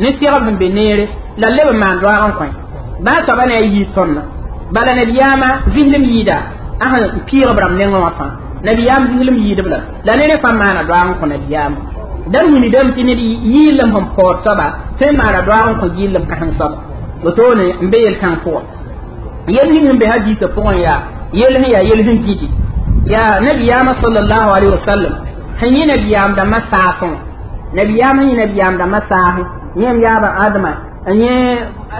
ne sɩgb sẽn be neere la leb n maan doag n kõe bãa soaba ne a yiid sõnna bala nabiyaamã vislem yiida a sẽn piigb rãmb nengẽ wã fãa nabiyaam vislem yiidb la la ne ne fãa maana doag n kõ nabiyaamã dãmb yĩni dãmb tɩ ned yiillem sẽn paood soaba sẽn maana doag n kõ gillem kãsẽn soaba wotoone n be yel-kãng pʋgẽ yel ning sẽn be hadiisã pʋgẽ yaa yel sẽn yaa yel sẽn gidi yaa nabiyaamã salallahu alaihi wasallam sẽn yẽ nabiyaam dãmbã saasẽ wã nabiyaam sẽn yẽ nabiyaam dãmbã saasẽ ñen yaaba adama ñe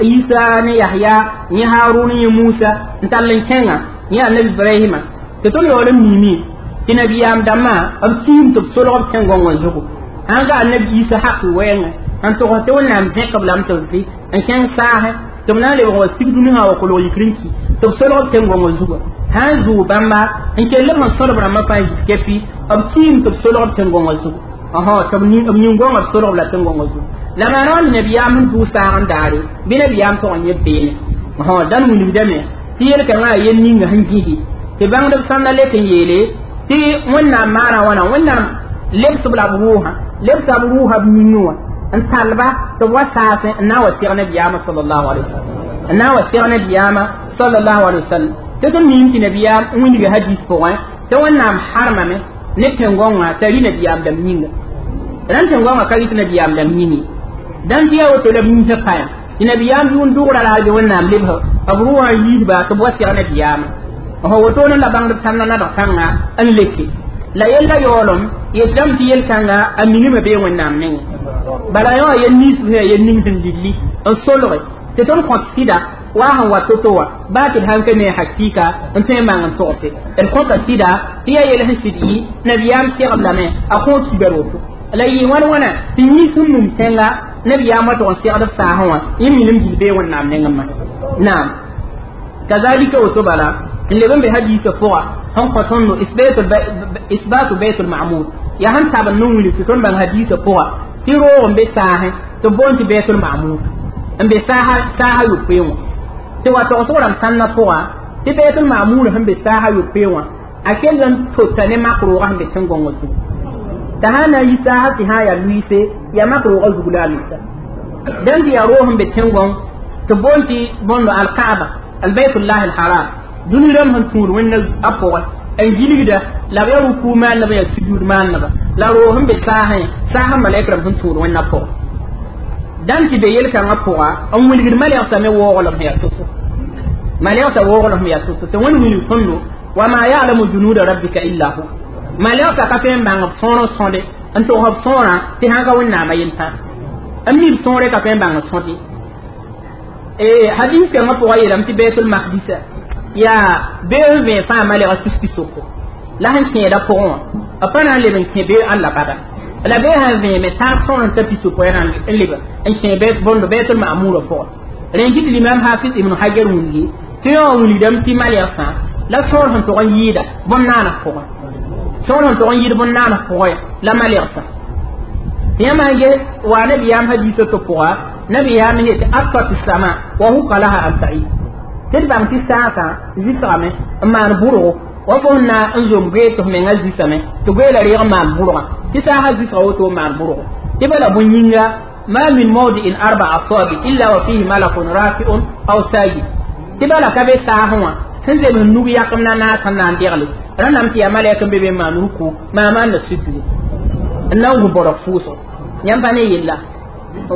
isa ne yahya ñe haruna ñe musa ntallan kenga ñe annabi ibrahima te ton yoole mimi ti nabiyam damma ab tiim tɩ b solg b kẽngongo zugu sãn ga annabi isa haki wɛɛngã n tʋgs tɩ wẽnnaam zẽk b lame tɩ b tɩ n kẽng saasẽ tɩ b na n lebg wa sig dũnisã wa kolg yikr n ki tɩ b solg b kẽngongo zugã bãmba n kell b n sõlb rãmbã fãa yik kɛpi b tiim tɩ b solg b kẽngongo ãhã tɩ b ning-gonga b solg b la kẽngongo zugu la ma ron ne biyam tu sa'an dare bi ne biyam to ne be dan mun de me ti yel kan wa yen ni ngan gidi ti bang da san le leken yele ti wonna mara wana wonna lebs bla buha lebs buha minwa an talba to wasa na wa tirne ma sallallahu alaihi wasallam na wa tirne ma sallallahu alaihi wasallam to to min ki ne biyam wini ga hadis ko wa to na harma me ne tengonga tari ne biyam da minga ran tengonga kali ne biyam da mini dan biya woto la mi ta paya ina biyam yun dugura la hajjo wannan libha abru wa yid ba to bosi ana biyam ho woto na labang da tanna na da kanga an leke la yella yolom yedam ti yel kanga amini me be wannan men bala yo yen ni su he yen ning tin dilli an solore te ton consider wa han wa toto wa ba ti han kane hakika an te man an tote en consider ti yel hin sidi nabiyam ti rabla me akon ti beroto la yi wan wana ti ni sun num tenga nabi ya mata wa sai adab sa hawa in minim gilbe wannan nan amma na'am kazalika wato bala اللي بن بهدي سفوا هم قطن إثبات إثبات بيت المعمود يا هم تاب النوم اللي في كون بهدي سفوا تيرو أم بساهة تبون في بيت المعمود أم بساهة ساهة يبيون توا توصور أم سنة فوا تبيت المعمود هم بساهة يبيون أكل لن تتنمى قروها هم بسنقون وسوء tahana yisa hasi ha ya luise ya makro gal dugula luisa dan ya rohum be tengon to bonti bondo al kaaba al baytullah al haram duni ram han tur wenna apo en giligda la ya ruku ma la ya sujud ma la la rohum be saha saha malaika ram han tur wenna apo dan ti be yel kan apo an wiligda malaika me wo wala me ya tusu malaika wo wala me ya tusu to wani wili fondo wa ma ya'lamu junuda rabbika illa huwa malaka ka fen bang sõor sõde n tog b sõorã tɩ sãn ka wẽnnaamã yeltã n mib sõore ka fen bãng sõde hadis kãngã pʋgã yeelame tɩ betul makdisa yaa bee n vẽe fãa malg tus-pi soko la sẽn kẽeda pʋgẽ wã a pa na n leb n kẽ bee alla bada la bee sãn vẽeme tãag sõor n ta pi soko yaa n leb n kẽ bõnd betul maamurã pʋgẽ rẽn kɩ tɩ limam hafiz ibnu hajar wilgi tɩ yõ wingdame tɩ malg fãa la sõor sẽn tog n yɩɩda naana pʋgẽ ton to on yidbon nana poya la malersa yama ye wa nabi yam hadisa to poa nabi yam he ta akka fi sama wa huqa laha abtai tir bam ti saka zisame man buru wa fonna anzum ge to me ngazi same to ge la riya man buru ti sa ha zisa to man buru ibala bunyinga ma min mawdi'in arba'a asabi illa wa fihi malakun rafi'un aw sajid ibala kabe sahwa tun zai mun nugu ya kamna na san nan dirle ranam ti amale kan bebe manu ku mama na situ na gu bora fuso nyamba ne yilla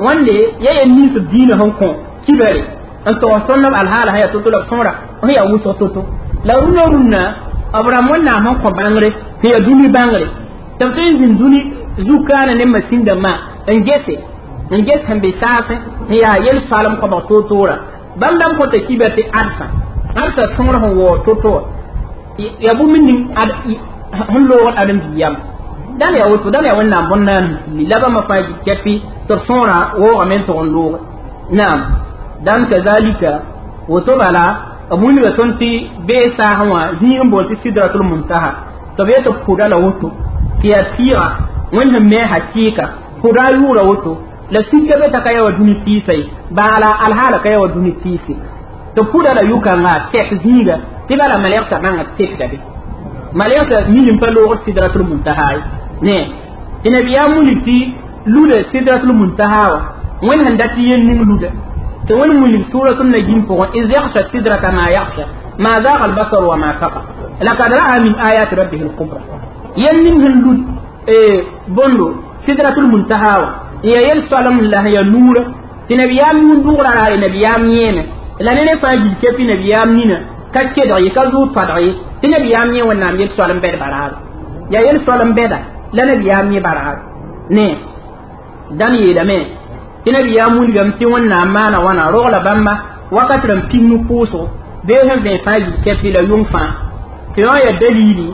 wande yaye ni su dina hon ko kibere an to sonna al hala haya to tulab sonra o ya wuso to to la runa runa abram wonna man ko bangre he ya duni bangre tafsirin zin duni zukana ne masinda ma an gese hambe gese han sase he ya yel salam ko ba to tora bandam ko te kibete arsa arsa sonra ho to to ya bu min hullo wat adam bi yam dal ya wato dal ya wonna bonna ni laba ma fa jeppi to sona wo amen to on ondo nam dan ka kazalika woto bala amun ga tonti be sa hawa zin yin ti sidratul muntaha to be to kuda la wato kiya tira wanda me hakika kuda yura wato la sikka be ta kai wa duni tisai bala alhala kai wa duni tisai to kuda la yuka na tek zinga تبارا مليغتا مانغا تيف دابي مليغتا مين يمبالو غو سيدرة المنتهى ني نعم. تنبي يا مولتي لولا سيدرة المنتهى وين هندتي ينين لولا تون مولي سورة النجيم فغن إذ يخشى سيدرة ما يخشى ما ذاق البصر وما فقى لقد رأى من آيات ربه الكبرى ينين هندود إيه بندو سيدرة المنتهى يا يل سلام الله يا نور تنبي يا مين دورا يا نبي يا مين لأن أنا فاجي كيف نبي يا مين ka kedg ka zuud padge tɩ nabiyaam yẽ wẽnnaam yel soal n bɛd baraar yaa yel soal n bɛda la nabiyaam yẽ baraar ne dãn yeelame tɩ nabiyaam wilgame tɩ wẽnnaam maana wãna rog la bãmba wakat rãn pig nu pʋʋsgo bee sẽn vẽe fãa yil kɛpɩ la yʋng fãa tɩ yõ yaa dalili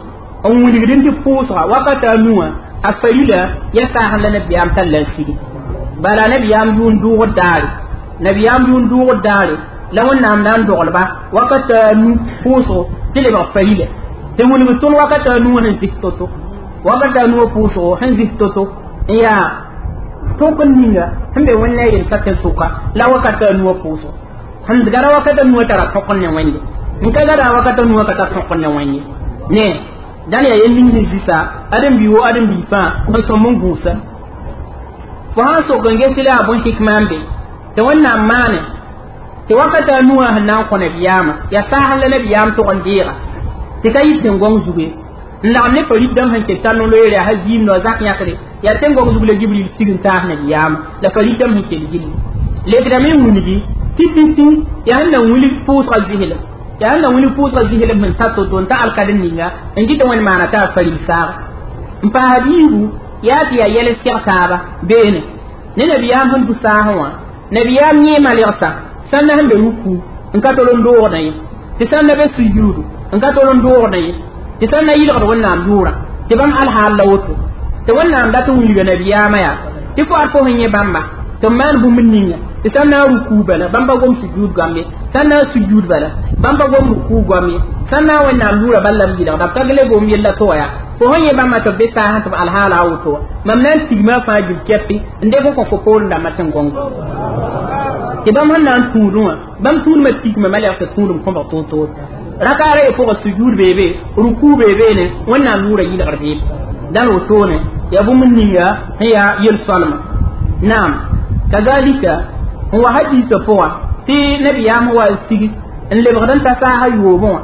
n wilgd n tɩ pʋʋsga wakatã nuwã a farila ya saasẽ la nabiyaam tall la n sigi bala nabiyaam yʋʋn duugd daare nabiyaam yʋʋn duugd daare la wẽnnaam na n doglba wakat a nu pʋʋsgo tɩ lebg farile tɩ wilg tʋm wakat a nu wã sẽn zis to-to wakat a nu wã pʋʋsgo sẽn zis to-to n yaa n ninga sẽn be wẽnna yel ka tɩ sʋka la wakat a nu wã pʋʋsgo sẽn gara wakat a nu wã tara tõk ne wẽnde n ka gara wakat a nu wã ka ta tõk ne wẽnde ne dãl yaa yel ning sẽn zisa adem-bi wo adem-bi fãa n sõm n gũusa fo sãn sok n ges tɩ la a bõn n be tɩ wẽnnaam maane tɩ wakata a nuwã sẽn na n kõ nabiyaamã yaa saasẽ la nabiyaam tʋg n deega tɩ ka yɩ tẽn-gõng zuge n lagm ne pa rib dãmb sẽn ket tar no-loeere a haziim no a zak yãkre yaa tẽn-gõng zug la gibril sig n taas nabiyaamã la pa rib dãmb sẽn kel gilli ledgdame n wilgi tɩ tɩ yaa sẽn na n wilg pʋʋsga zisla yaa sẽn na n wilg pʋʋsga zisla sẽn ta to-to n ta alkad n ninga n gɩta wẽn maana t'a faril saaga n paasd yiibu yaa tɩ yaa yɛl seg taaba beene ne nabiyaam sẽn bu saasẽ wã nabiyaam yẽe malg sã sanna hande rukku ka tolon do wona yi ti sanna be sujudu ka tolon do wona yi ti sanna yi do wonna dura ti ban al halla woto ti wonna da to wuli ga nabiya maya ti ko arfo hinye bamba to man bu minninga ti sanna ruku bala bamba gom sujudu gambe sanna sujudu bala bamba gom rukku gambe sanna wonna dura balla mi da ta gele gom yella to ya fo hon ye bama to besa ha to alhala woto mam nan tigma fa jib keppi ndefo ko ko pol da matin gongo ti bam han nan tunu wa tunu ma tikma ma lafta tunu ko ba tunu to to rakare ko ga sujud bebe ruku bebe ne wannan nura yi da karfi dan wato ne ya bu mun niya ya yel salama nam kadalika huwa hadisa fowa ti nabi ya mu wa sigi in le bagdan ta sa hayo bon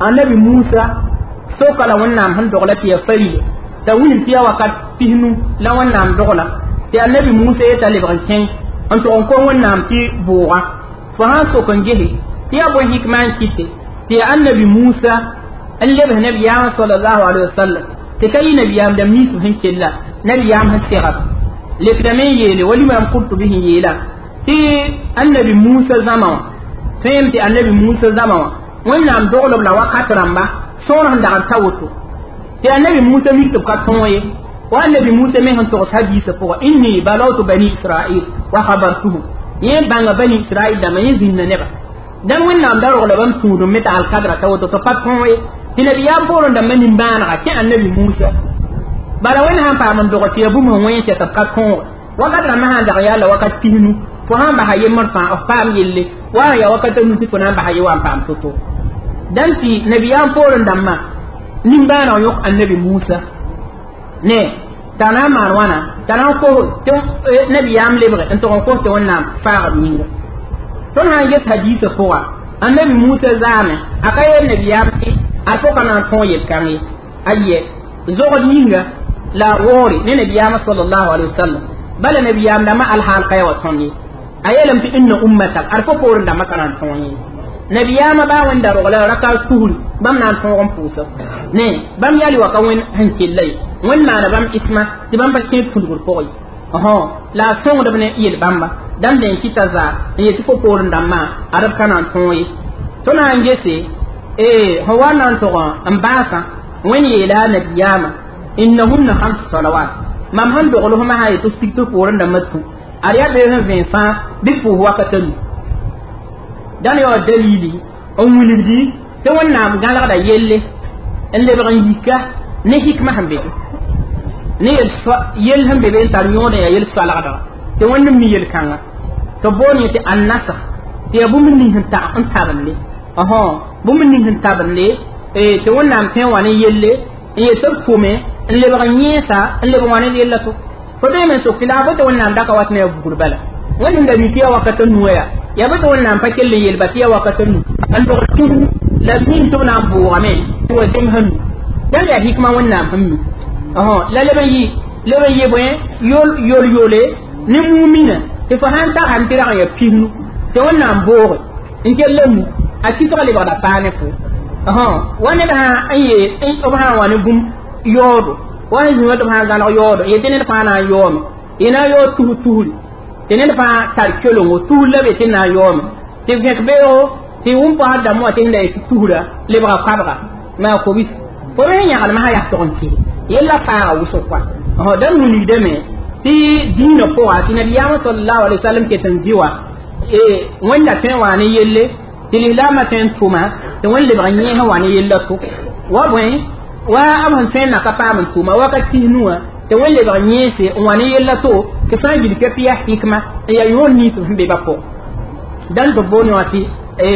annabi musa so kala wannan han dogla ti fari ta wuni ti ya wakat fihnu la wannan dogla ti annabi musa ya talibran kin n tog n kõ wẽnnaam tɩ vʋʋga fo sãn sok n gese tɩ yaa bõe hikma n kɩte tɩ yaa annabi musa n lebs nabiyaamã salallahu alaihi wasallam tɩ ka yɩ nabiyaam dãmb niis sẽn kella nabiyaam sẽn segb lekdame n yeele walimam kurtubi sẽn yeela tɩ annabi musa zãma wã fẽem tɩ annabi musa zãma wã wẽnnaam doglb la wakat rãmba sõor sẽn dagr ta woto tɩ annabi musa mik tɩ b ka tõog ye والنبي موسى مهن تغس حديث فوق إني بلوت بني إسرائيل وخبرته يين بان بني إسرائيل دم يزن نبا دم وين نام دارو لبم تودم متع القدرة توتو تو تطفق هوي تنبي يابورن دم من بانا كان نبي موسى بلا وين هم فامن دغتي أبو من وين تطفق هوي وقد رمها دغيال وقد تهنو فهم بها يمر فان أفهم يلي وهي وقد نسي فهم بحي وان فام تطو دم في نبيان فورن دم نمبانا يوق النبي موسى ne t'a na n maan wãna t'a na n kos tɩ nabiyaam lebge n tog n kos tɩ wẽnnaam faagd yĩnga tõnd sã n ges hadiisã pʋga annabi musa zaame a ka yel nabiyaam tɩ a pʋka na n tõog yel-kãng ye ayɛ zogd yĩnga la n woore ne nabiyaamã salallahu alai wasalam bala nabiyaam dãmbã alhaal ka ya wa tõnd ye a yeelame tɩ ĩnna ummata ad fo poorẽ dãmbã ka na n tõog yẽ nabiyaama baa wẽnda rogla raka suhri bãmb na n tõog n pʋʋsa ne bãmb yaa le waka wẽnd sẽn kella ye wẽnd maana bãmb isma tɩ bãmb pa kẽed pũlgr pʋgẽ ãhõ la a sõngdb ne yel bãmba dãmb den kɩta zaa n yetɩ fo poorẽ dãmbã adb ka na n tõog ye tõnd na n gese fo wa na n tog n baasã wẽnd yeela nabiyaama innahunna hams salawat mam sẽn dogl fo masã yetɩ sig tɩ poorẽ dãmbã tũ ad yaa bee sẽn vẽe fãa bɩ pʋʋs wakata nu dan yo dalili on wilibdi te wannam galagda yelle en lebran yikka ne hikma hambe ne yel yel hambe be tar nyode ya yel salagda te wannam mi yel kanga to boni te annasa te bu min ni hanta an tabanle aha bu min ni hanta banle e te wannam te wane yelle en ye tar kome en lebran yesa en lebran wane yella to fo be men so kila fo te wannam daka watne bugul bala wani da bitiya wa katan nuya ya bata wannan fakin li yel batiya wa katan nu an da tu la min to na bu wa me to jin hanu dan ya hikma wannan hammi aha la le bayi le bayi boye yol yol yole ni mu'mina te fa han ta han tira ya pinu te wannan bo in ke lemu a kitaka le ba da pane fu aha wani da ayi in to ha wani gum yodo wani zuwa to ha ga yodo yete ne pa na yodo ina yo tuhu tuhuri tɩ ned fãa tar kelongo tuus la be tɩ na n yaoome tɩ vẽk beoogo tɩ wẽn pa dãmb wã tɩ n da yetɩ tusra lebga kabga maa kobs fo me sẽn yãglem sã yaa tog n kɩ yella faaga wʋsg pa dãmb sẽn ligdame tɩ dĩinã pʋga tɩ nabiyaamã salallahu alai wa sallam ket n zɩ wa wẽnda tõe n ne yelle tɩ lislaamã tõe n tʋma tɩ wẽn lebg yẽe sẽn ne yella tʋk wa bõe wa b sẽn tõe n na ka paam n tʋma wa ka tis nuwã tɩ wẽn lebg yẽese n wa ne yella to tɩ sã n yilka tɩ yaa hɩkma n yaa yõor niis sẽn be ba pʋgẽ dãn tɩ b boone wã tɩ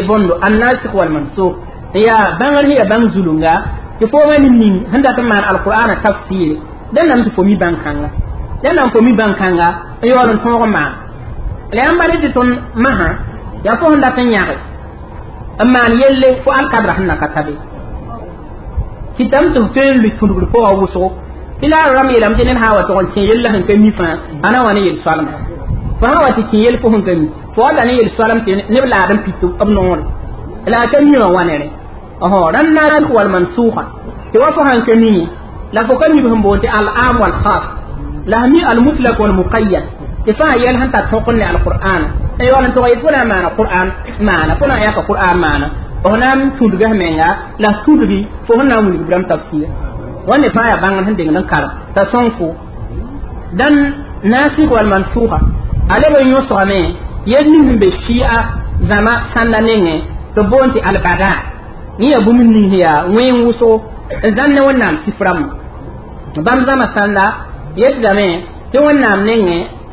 bõndo annasik walmansuk n yaa bãngr ne yaa bãng zulunga tɩ foomã nim ning sẽn dat n maan alqurana tafsɩɩre dẽnnam tɩ fo mi bãn-kãnga dẽnnam fo mi bãn-kãnga n yaool n tõog n maan la yãmb bale tɩ tõnd masã yaa fo sẽn dat n yãge n maan yelle fo alkadra sẽn na ka tabe kɩtame tɩ f tõe n lʋɩ tũdgr pʋga wʋsgo ila ram yelam tɩ ned sã n wa tʋg n kẽ yella sẽn ka mi fãa a na wa ne yel soalma fo sã n wa tɩ kẽ yel fo sẽn ka mi fo wa la ne yel soalm tɩ neb laad n pit b noore la a ka mi wã wa nere ãhõ rãnd na rãnd wal mansuuga tɩ wa fo sãn ka miŋe la fo ka mib sẽn boond tɩ al am wal khas la sẽn mi al mutlak wal muqayyad tɩ fãa yɛl sẽn tar tõk n ne alqur'ana n yaool n tʋg yet fo na n maana qur'an maana fo na n yaka qur'an maana f na n tũudga menga la tũudgi fo sẽn na n wilg b rãmb tafsira wani faya bangan hande nan kar ta sonku dan nasikh wal mansuha ale be yusu ame yenni be shi'a zama ne to bonti al bada ni ya bumin ni ya wen wuso zanne wannan sifram bam zama sanda yadda me to wannan ne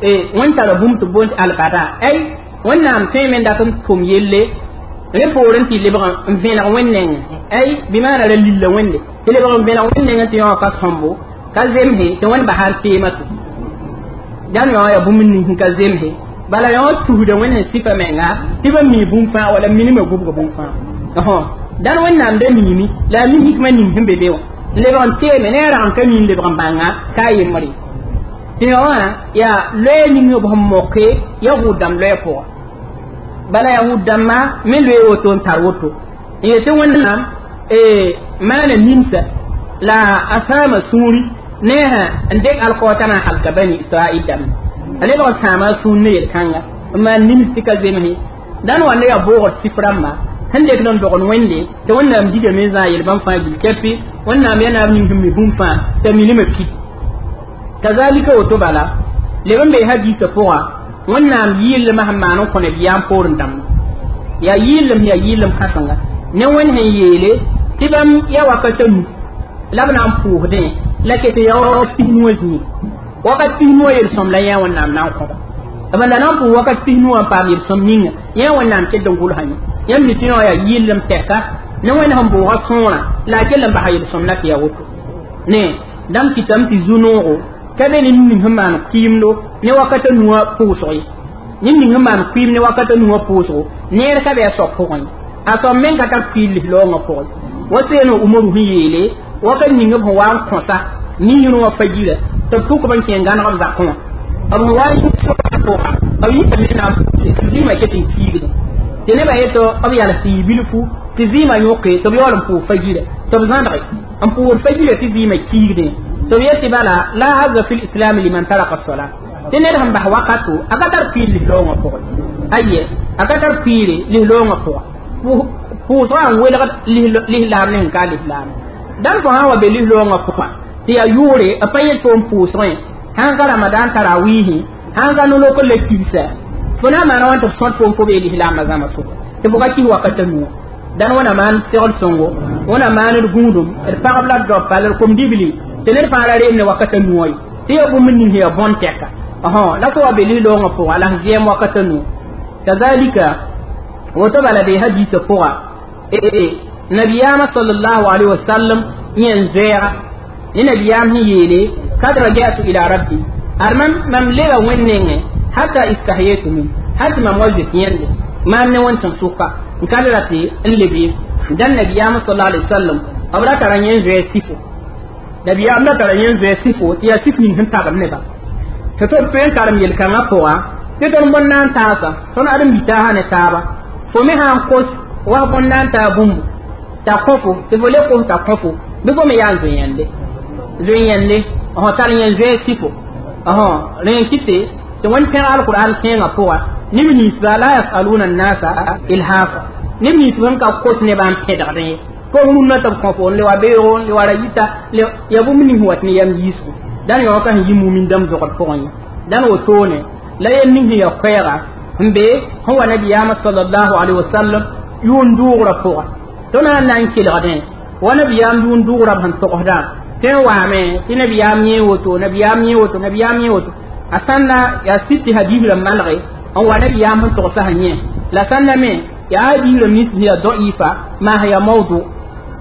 e wanta da bum to bonti al bada ai wannan temen da tum yelle rẽ poorẽ tɩ lebg n vẽneg wẽnnẽngẽ ay bɩ maana la lilla wẽnde tɩ lebg n vẽneg wẽnnẽngẽ tɩ yõa ka sõmbo ka zemse tɩ wẽnd basar teemã tɩ dãn yõa yaa bũmb nins n ka zemse bala yõa tusda wẽnne sɩfa menga tɩ ba mii bũmb fãa wala minimã gubga bũmb fãa dãn wẽnnaam da miime la a mi hikmã nins n be be wã n lebg n teeme ne a ragem ka miin lebg n bãnga ka a yembre tɩ yõ wã yaa loɛɛ ning b sẽn moke ya gʋʋd dãmb loɛɛ pʋga bala yahud ma min lwe o ton tar woto ina tin wannan e eh, mana nimsa la asama suri ne ha ndek alqotana halka bani isra'il dam ale ba sama sunne kanga ma nimsi ka ne dan wanne ya bo siframma hande non dogon wende te wannan diga me za yel ban fa gil kepi wannan yana min gummi bum fa ta milima kit kazalika wato bala leban bai hadisa poa wẽnnaam yɩɩllm sẽn maan n kõ nebiyaam poor n dãmb yaa yɩɩllm yaa yɩɩllm kãsenga ne wẽnd sẽn yeele tɩ bãmb yaa wakata nu la b na n pʋʋsdẽ la ket n yaa pisnuwã zĩig wakat pisnuwã yel-sõm la yẽ wẽnnaam na n kõba b la na n pʋʋs wakat pisnuwã n paam yel-sõm ninga yẽ wẽnnaam ked n gʋlsã yẽ yãmb mi tɩ nõ yaa yɩɩllm tɛka ne wẽnd sẽn bʋʋga sõorã la a kell n basa yel-sõm la tɩ yaa woto ne dãmb kɩtame tɩ zu-noogo ka be ne nu ning sẽn maan kɩɩmdo ni wakata nuwa pʋʋsg ni ning n maan kuiim ne wakata nuwã pʋʋsgo neer ka bɩ so sɔk pʋgẽ a sɔm meŋ ka tar kuiil lislaoongã pʋgẽ wa seeno umaru sẽn yeele wakat ning b sẽn wa n kõsa niisr wã fagira tɩ b pʋk b n kẽ gãneg b ko wã b sẽn wa ko sõa pʋga b yĩtame na n pʋʋse tɩ zɩɩmã ket n kiigdẽ tɩ nebã yeto b yals tɩ yi bilfu tɩ zɩɩmã yõke tɩ b yaool n pʋʋs fagira tɩ am zãdge fajira ti fagira tɩ zɩɩmã kiigdẽ سويتي بنا لا عز في الإسلام لمن ترك الصلاة تنرهم به وقته أقدر فيه للون فوق أي أقدر فيه للون فوق فوسان ولغد لهلام نهم كان الإسلام دان فهو بلهلون فوق تيا يوري أبين فوم فوسان هنگا رمضان تراويه هنگا نلوك لكيسة فنا ما نوان تفصد فوم فوق لهلام نظام فوق تبقى كي وقتنو دان وانا مان سيغل سنغو وانا مان الغندم الفاقب لا دوبال الكم ديبلي tener fara re ne wakata nuoy te yobu minni hiya bon teka aha la to be li lo ngapo ala jem wakata nu kadhalika wato bala be hadisa fuwa eh e, e. nabiyama sallallahu alaihi wasallam yen zera ni nabiyam hi yele kad rajatu ila rabbi arman mam lega wennenge hatta istahiyatu min hatta mam wajde kiyende mam ne wontan suka nkalirati nlebi dan nabiyama sallallahu alaihi wasallam abra taranyen zera sifu la bi am la tara yen zɛ sifo ti ya sif nin hin tagem ne ba ti to pen tarim yel kanga pʋga ti tõnd bõn na n taasa tõnd adem bitaasã ne taaba fo me sãn kos wa bõn na n taa bũmbu t'a kõfo tɩ fo le kos t'a kõfo bɩ fo me yaa n zoe yẽnde zoe yẽnde tar yẽ zoɛ sifo rẽ kɩte tɩ wẽnd pẽg alkʋran kẽengã pʋga neb ninsba la yasaluna nnasa ilhafa neb nins bõn ka kos nebã n pẽdgd ye fowrum na tab ko on le wa be on le wa rayita le ya bu min huwa ni yam yisu dan yo kan yi mumin dam zo ko fon dan wo tone la yen ni ya khayra mbe huwa nabiyama sallallahu alaihi wasallam yun duura poa tona nan kilgade wa nabiyam yun duura ban to qada te wa me ti nabiyam ni woto nabiyam ni woto nabiyam ni woto asanna ya sitti hadihi lam malghi on wa nabiyam to sahanye la sanna me ya hadihi lam nisbiya da'ifa ma hiya mawdu'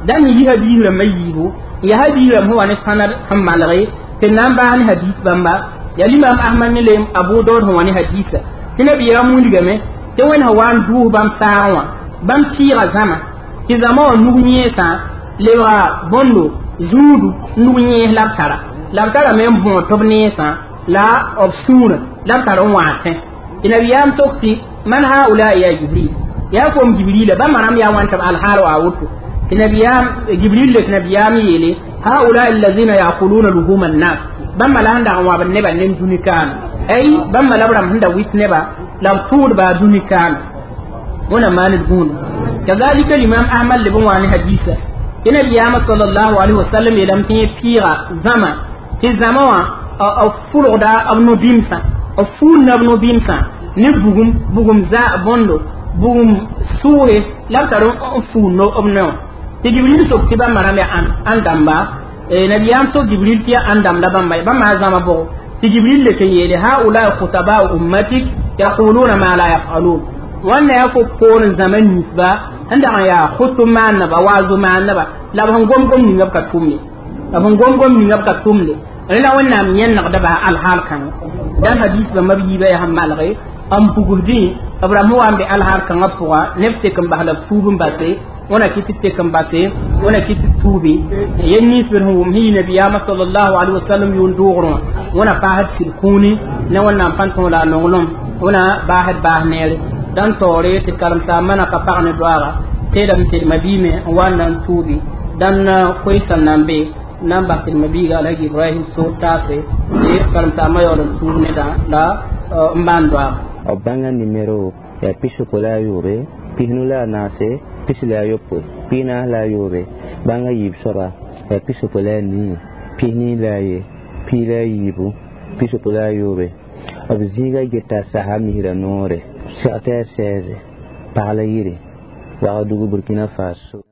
dan yi hadis la mayibo ya hadis la ho ne sanad ham malare tin nan ba ni hadis bamba ya limam ahmad ne lem abu dawud ho ne hadisa tin nabi ya mun diga me tin wani hawan du bam sawa bam tira zama ti zama wa nugnye sa lewa bondo zudu nugnye labtara labtara men bon tobne sa la obsura labtara wa ta inabi yam tokti man haula ya jibril ya kom jibril ba maram ya wanta alharu a wutu نبيام جبريل لك نبيام يلي هؤلاء الذين يأكلون لحوم الناس بما لا هندا هو بنبا نين أي بما لا برام هندا ويت نبا لم تود با دونيكان ولا ما نبون كذلك الإمام أحمد لبن واني حديثة إن بيام صلى الله عليه وسلم يلم تيه فيغا زما تي زما وا أو فلو دا أبنو بيمسا أو فول نبنو بيمسا نبغم بغم زا بوندو بغم سوه لا ترون فول نو أبنو tɩ jibril sok tɩ bãmba rãmb yaa n dãmba nabiyaam sok jibril tɩ yaa n dãmda bãmba ye bãmba a zãma bʋgo tɩ jibril le ken yeele haulai khutabau ummatik yaquluna ma la yafalun wẽnna yaa fo poor n zãma ninsba n dag n yaa khʋtb maannaba waazo maannaba la b sẽn gom-gom ninga b ka tʋmde la b sẽn gom-gom ninga b ka tʋmde rẽ la wẽnnaam yẽnnegda baa alhaal kãngã dãn hadiis bãmba b yiibã yaa sẽn malge n bugsdẽ b rãmb wa n be alhaal kãngã pʋga neb tek n basla b tuub n base ona kititte kan batte ona kitti tuubi yenni sirhum wum hi nabiyama sallallahu alaihi wasallam yun dugro ona bahad fil kuni na wannan panton la nonglom ona bahad bahnel dan tore ti kalamta mana ka pagne doara tedam te mabime wannan tuubi dan koytan nambe namba fil mabiga alhaji ibrahim so tafe e kalamta mayoron tuubne da la mban doara banga numero ya pisu kola yure pihnula nase pislaayopo piinah laayoobe bãnga yiib soaba ya e la a nii pis nii la a ye pii la a yiibu pisopo la a yoobe b zĩiga geta saha misra noore sectɛr 16 pagla yire wagdugu burkina faso